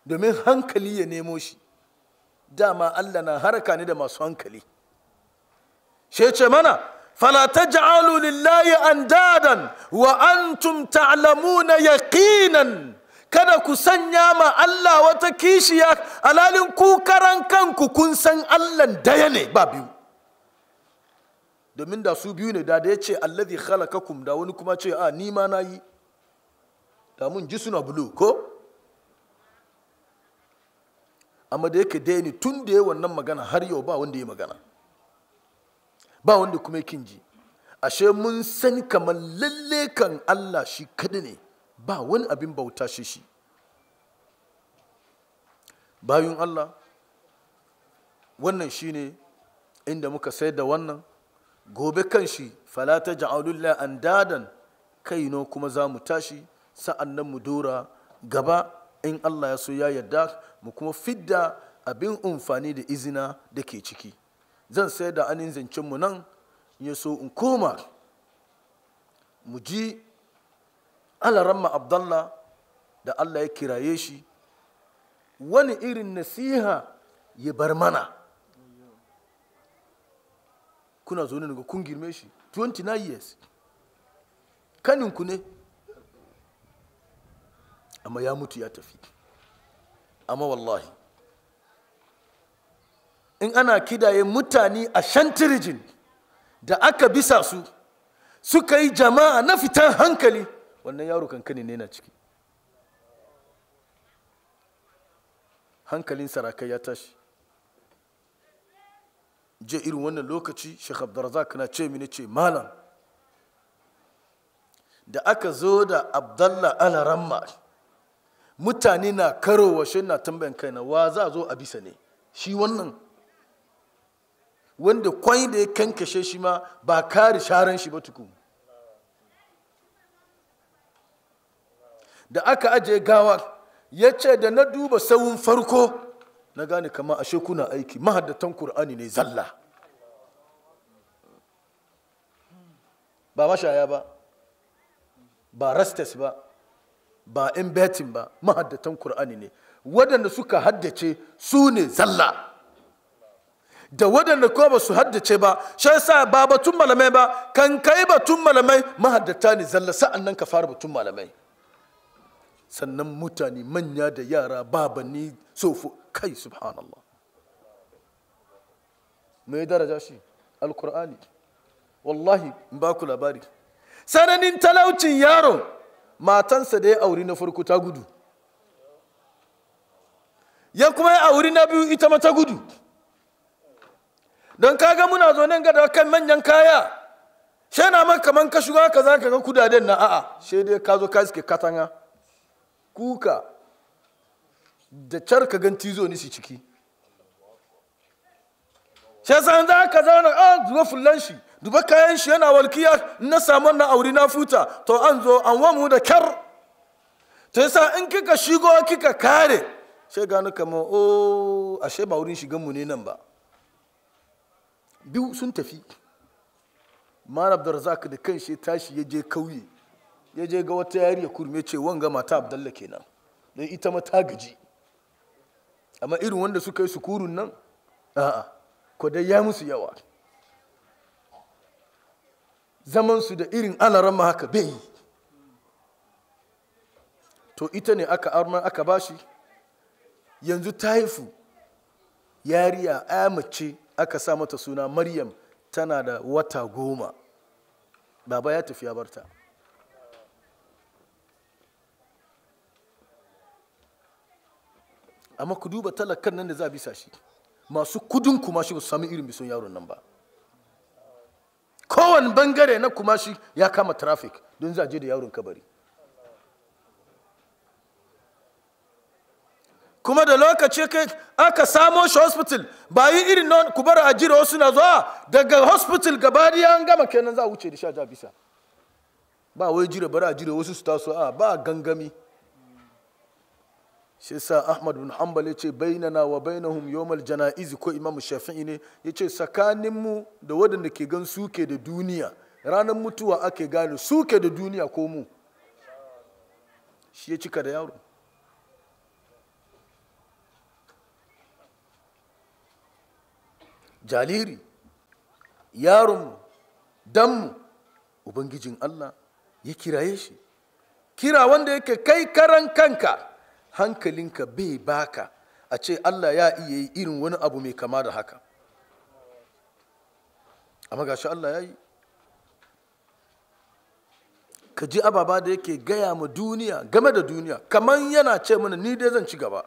domin hankali ya nemo shi dama Allah na haraka ni da masu hankali shi ce mana فلا تجعلوا لله اندادا وانتم تعلمون يقينا kada ku sanya ma Allah wata kishiya alalin ku karan kanku kun san Allah daya ne ba biyu domin da su biyu ne da da ya ce allazi khalaqakum da wani kuma ce a ni ma nayi da mun ji suna bulu ko amma da yake dai ni tun da ya wannan magana har yau ba wanda ya magana ba wanda kuma kin ji ashe mun san kamar lalle kan Allah shi kada ne ba wani abin bauta shi shi bayun Allah wannan shine inda muka sai da wannan gobe kan shi falata ja'alullah an dadan Kai no kuma za mu tashi sa'an nan mu dora gaba in Allah ya so ya yarda mu kuma fidda abin amfani da izina da ke ciki zan sai da anin mu nan ya so in koma mu ji alaramma abdallah da allah ya kiraye shi wani irin nasiha ya bar mana kuna zo ne daga kun girme shi 29 years kaninku ne amma ya mutu ya tafi amma wallahi in ana kidaye mutane a shantirijin da aka bisa su suka yi jama'a na fitan hankali wannan yaro kankani ne na ciki hankalin sarakai ya tashi je irin wannan lokaci shekh abdurrazak na ce mini ce malam da aka zo da abdallah alaramma mutane na karo washe na tambayan kaina wa za a zo a bisa ne shi wannan wanda kwai da ya kankashe shi ma ba kare sharan shi ba tuku da aka ajiye gawa ya ce da na duba sawun farko na gane kama ashe kuna aiki mahaddatan kur'ani ne zalla ba mashaya ba ba rastas ba ba in betin ba mahaddatan kur'ani ne waɗanda suka haddace su ne zalla da waɗanda kuma ba su haddace ba shi sa ba batun malamai ba kan kai batun malamai mahaddata ne zalla sa'an nan ka fara batun malamai sannan mutane manya da yara babanni tsofo kai subhanallah mai daraja shi alkur'ani wallahi in ba ku labari sananin talaucin yaron matansa da ya auri na farko ta gudu ya kuma ya auri na biyu ita ma ta gudu don kaga muna zo nan gada kan manyan kaya she na man kaman ka shiga ka za ka ga kudaden na a'a she dai ka zo ka suke katanga kuka da car ka gan tizo ni su ciki she san za ka zauna a ah, duba fullan shi duba kayan shi yana walkiya na samu na auri na futa to an zo an wamu da kyar to yasa in kika shigo kika kare she gano kamar o oh, ashe ba wurin shigan mu ne nan ba biyu sun tafi mal abdulrazak da kan shi tashi ya je kauye ya je ga wata yariya kurme ce wanga mata abdalla kenan don ita ma gaji amma irin wanda suka yi sukurun nan a'a ko ya musu yawa zamansu da irin alarama haka bai yi to ita ne aka arman aka bashi yanzu ta haifu yariya mace aka sa mata suna maryam tana da wata goma baba ya tafiya barta amma ku duba talakan nan da za a bisa shi masu kudin kumashi shi ba su sami irin bisun yaron nan ba kowane bangare na kumashi ya kama traffic don za a je da yaron kabari kuma da lokaci aka samo shi hospital ba yi irin nan ku bar a jira wasu na zuwa daga hospital gaba an gama kenan za a wuce da sha bisa ba wai jira bar a jira wasu su taso a ba gangami shi sa ahmad bin hanbal ce bainana wa bainahum yawmal janaiz ko imam shafi'i ne yace tsakanin mu da wadanda ke gan suke da duniya ranar mutuwa ake gane suke da duniya ko mu shi ya cika da yaro jaliri yaronmu danmu ubangijin allah ya kiraye shi kira wanda yake kai karan kanka hankalinka bai baka a ce allah ya iya yi irin wani abu mai kama da haka amma gashi allah ya yi ka ji ababa da yake gaya ma duniya game da duniya kaman yana ce mana ni dai zan ci gaba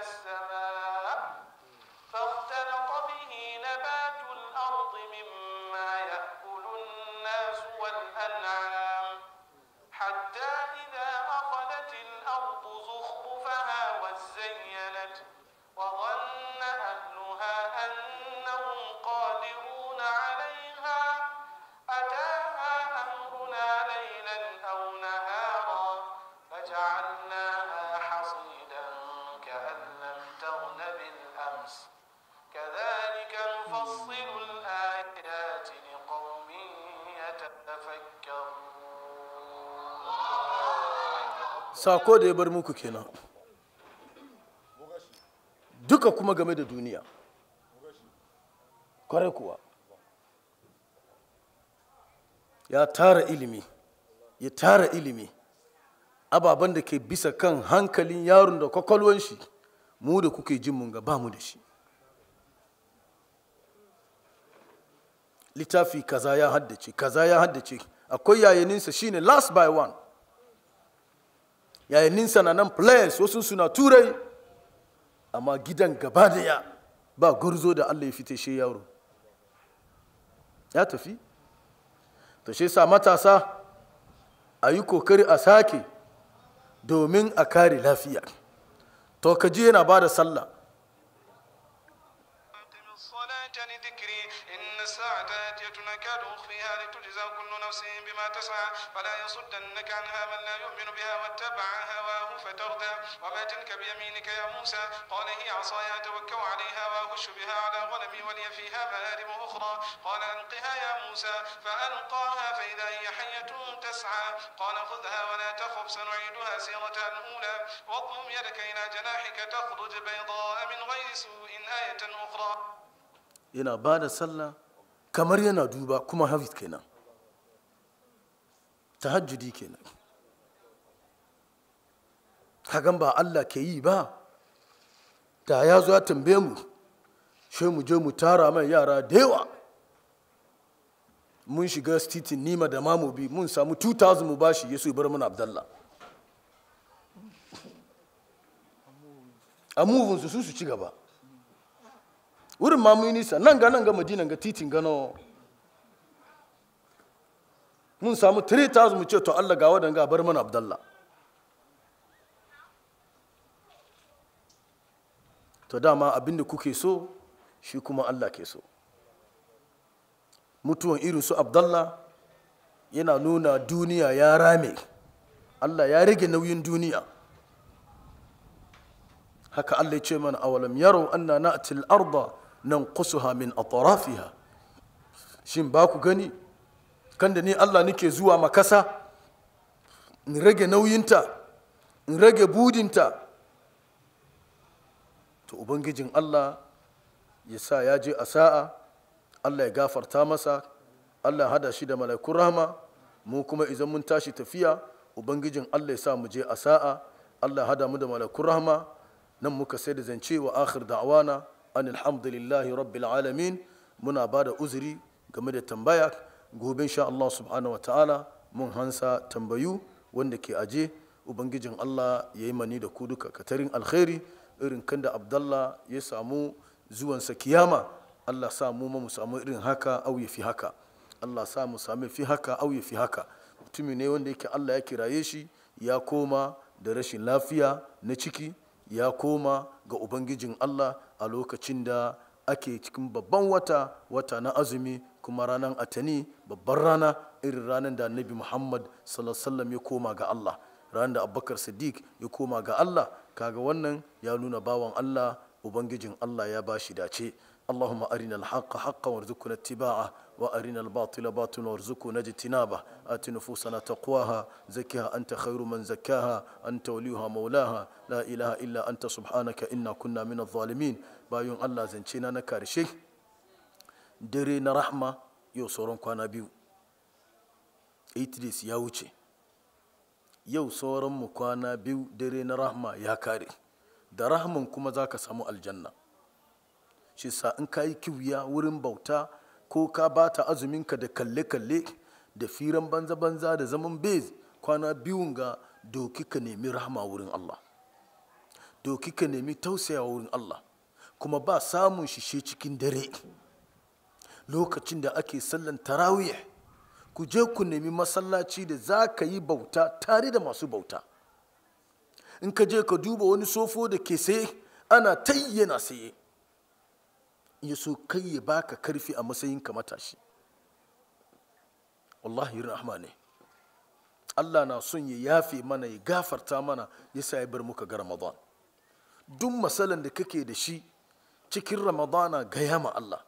السماء sako da ya bar muku kenan duka kuma game da duniya kwarai kuwa ya tara ilimi ya tara ilimi ababen da ke bisa kan hankalin yaron da kwakwalwan shi mu da kuke jin mun ga bamu da shi Litafi kaza ya haddace kaza ya haddace akwai yayaninsa shine last by one yayaninsa na nan players wasu suna turai amma gidan gaba daya ba gurzo da allah ya fita shi yaro ya tafi to shi sa matasa a yi kokari a sake domin a kare lafiya to ka ji yana ba da sallah تكاد أخفيها لتجزى كل نفس بما تسعى فلا يصدنك عنها من لا يؤمن بها واتبع هواه فتردى وما تلك بيمينك يا موسى قال هي عصاي أتوكل عليها وأهش بها على غنمي ولي فيها مآرب أخرى قال ألقها يا موسى فألقاها فإذا هي حية تسعى قال خذها ولا تخف سنعيدها سيرة الأولى واضم يدك إلى جناحك تخرج بيضاء من غير سوء آية أخرى إلى بعد سلة kamar yana duba kuma hafiz kenan tahajjudi kenan hagan ba Allah ke yi ba ta ya zo ya tambaye mu shi mu je mu tara mai yara da yawa mun shiga stitin nima da mamobi mun samu 2000 mu bashi yesu bar mana abdallah a su su ci gaba wurin ma mun nisa nan ga nan ga madina ga titin gano mun samu 3000 mu ce to Allah ga ga bar mana Abdullah to dama abin da kuke so shi kuma Allah ke so mutuwan irin su Abdullah yana nuna duniya ya rame Allah ya rage nauyin duniya haka Allah ya ce mana awalam yaro anna na'til arda nan kusuha min atrafiha shin ba ku gani kan da ni Allah nake zuwa makasa in rage nauyinta in rage budinta to ubangijin Allah ya sa ya je a sa'a Allah ya gafarta masa Allah ya hada shi da malakun rahama mu kuma idan mun tashi tafiya ubangijin Allah ya sa mu je a sa'a Allah ya hada mu da malakun rahama nan muka sai da zance wa akhir da'wana an alhamdulillahi rabbil alamin muna ba da uzuri game da tambaya gobe insha Allah subhanahu wa ta'ala mun hansa tambayu wanda ke aje ubangijin Allah ya yi mani da ku duka katarin alkhairi irin kanda abdallah ya samu zuwansa kiyama Allah sa mu mu samu irin haka au ya fi haka Allah sa mu sami fi haka au ya fi haka mutumi ne wanda yake Allah ya kiraye shi ya koma da rashin lafiya na ciki ya koma ga ubangijin Allah a lokacin da ake cikin babban wata wata na azumi kuma ranar atani babban rana irin ranar da annabi muhammad sallallahu ya koma ga allah ranar da abubakar siddiq ya koma ga allah kaga wannan ya nuna bawan allah ubangijin allah ya ba shi dace اللهم أرنا الحق حقا وارزقنا اتباعه وأرنا الباطل باطلا وارزقنا اجتنابه آت نفوسنا تقواها زكها أنت خير من زكاها أنت وليها مولاها لا إله إلا أنت سبحانك إنا كنا من الظالمين بايون الله زنشينا نكارشي درينا رحمة يوصورون كوانا بيو إتريس يوشي yau sauran بيو درينا رحمة يا كاري درهم كما ذاك سمو الجنة shi sa in ka yi kiwiya wurin bauta ko ka bata azuminka da kalle-kalle da firan banza-banza da zaman bez kwana biyun ga doki ka nemi rahama wurin Allah doki ka nemi tausaya wurin Allah kuma ba samun shishe cikin dare lokacin da ake sallan tarawih ku je ku nemi masallaci da za ka yi bauta tare da masu bauta in ka je ka duba wani sofo da ke saye ana tayyana saye ya so kai ya baka karfi a matsayin ka matashi wallahi rahma ne Allah na son ya yafe mana ya gafarta mana ya sa ya bar muka ga Ramadan duk masalan da kake da shi cikin Ramadana gaya ma Allah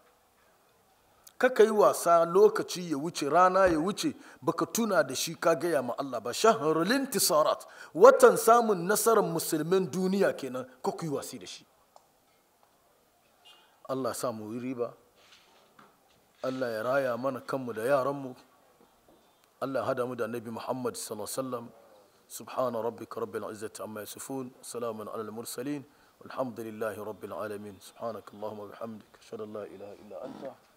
kaka yi wasa lokaci ya wuce rana ya wuce baka tuna da shi ka gaya ma Allah ba shaharul intisarat watan samun nasarar musulmin duniya kenan ka wasi da shi allah sa mu yi riba allah ya raya mana kanmu da yaranmu allah hada mu da annabi muhammad sallallahu سبحان ربك رب العزة عما يصفون سلام على المرسلين والحمد لله رب العالمين سبحانك اللهم وبحمدك أشهد أن لا إله إلا أنت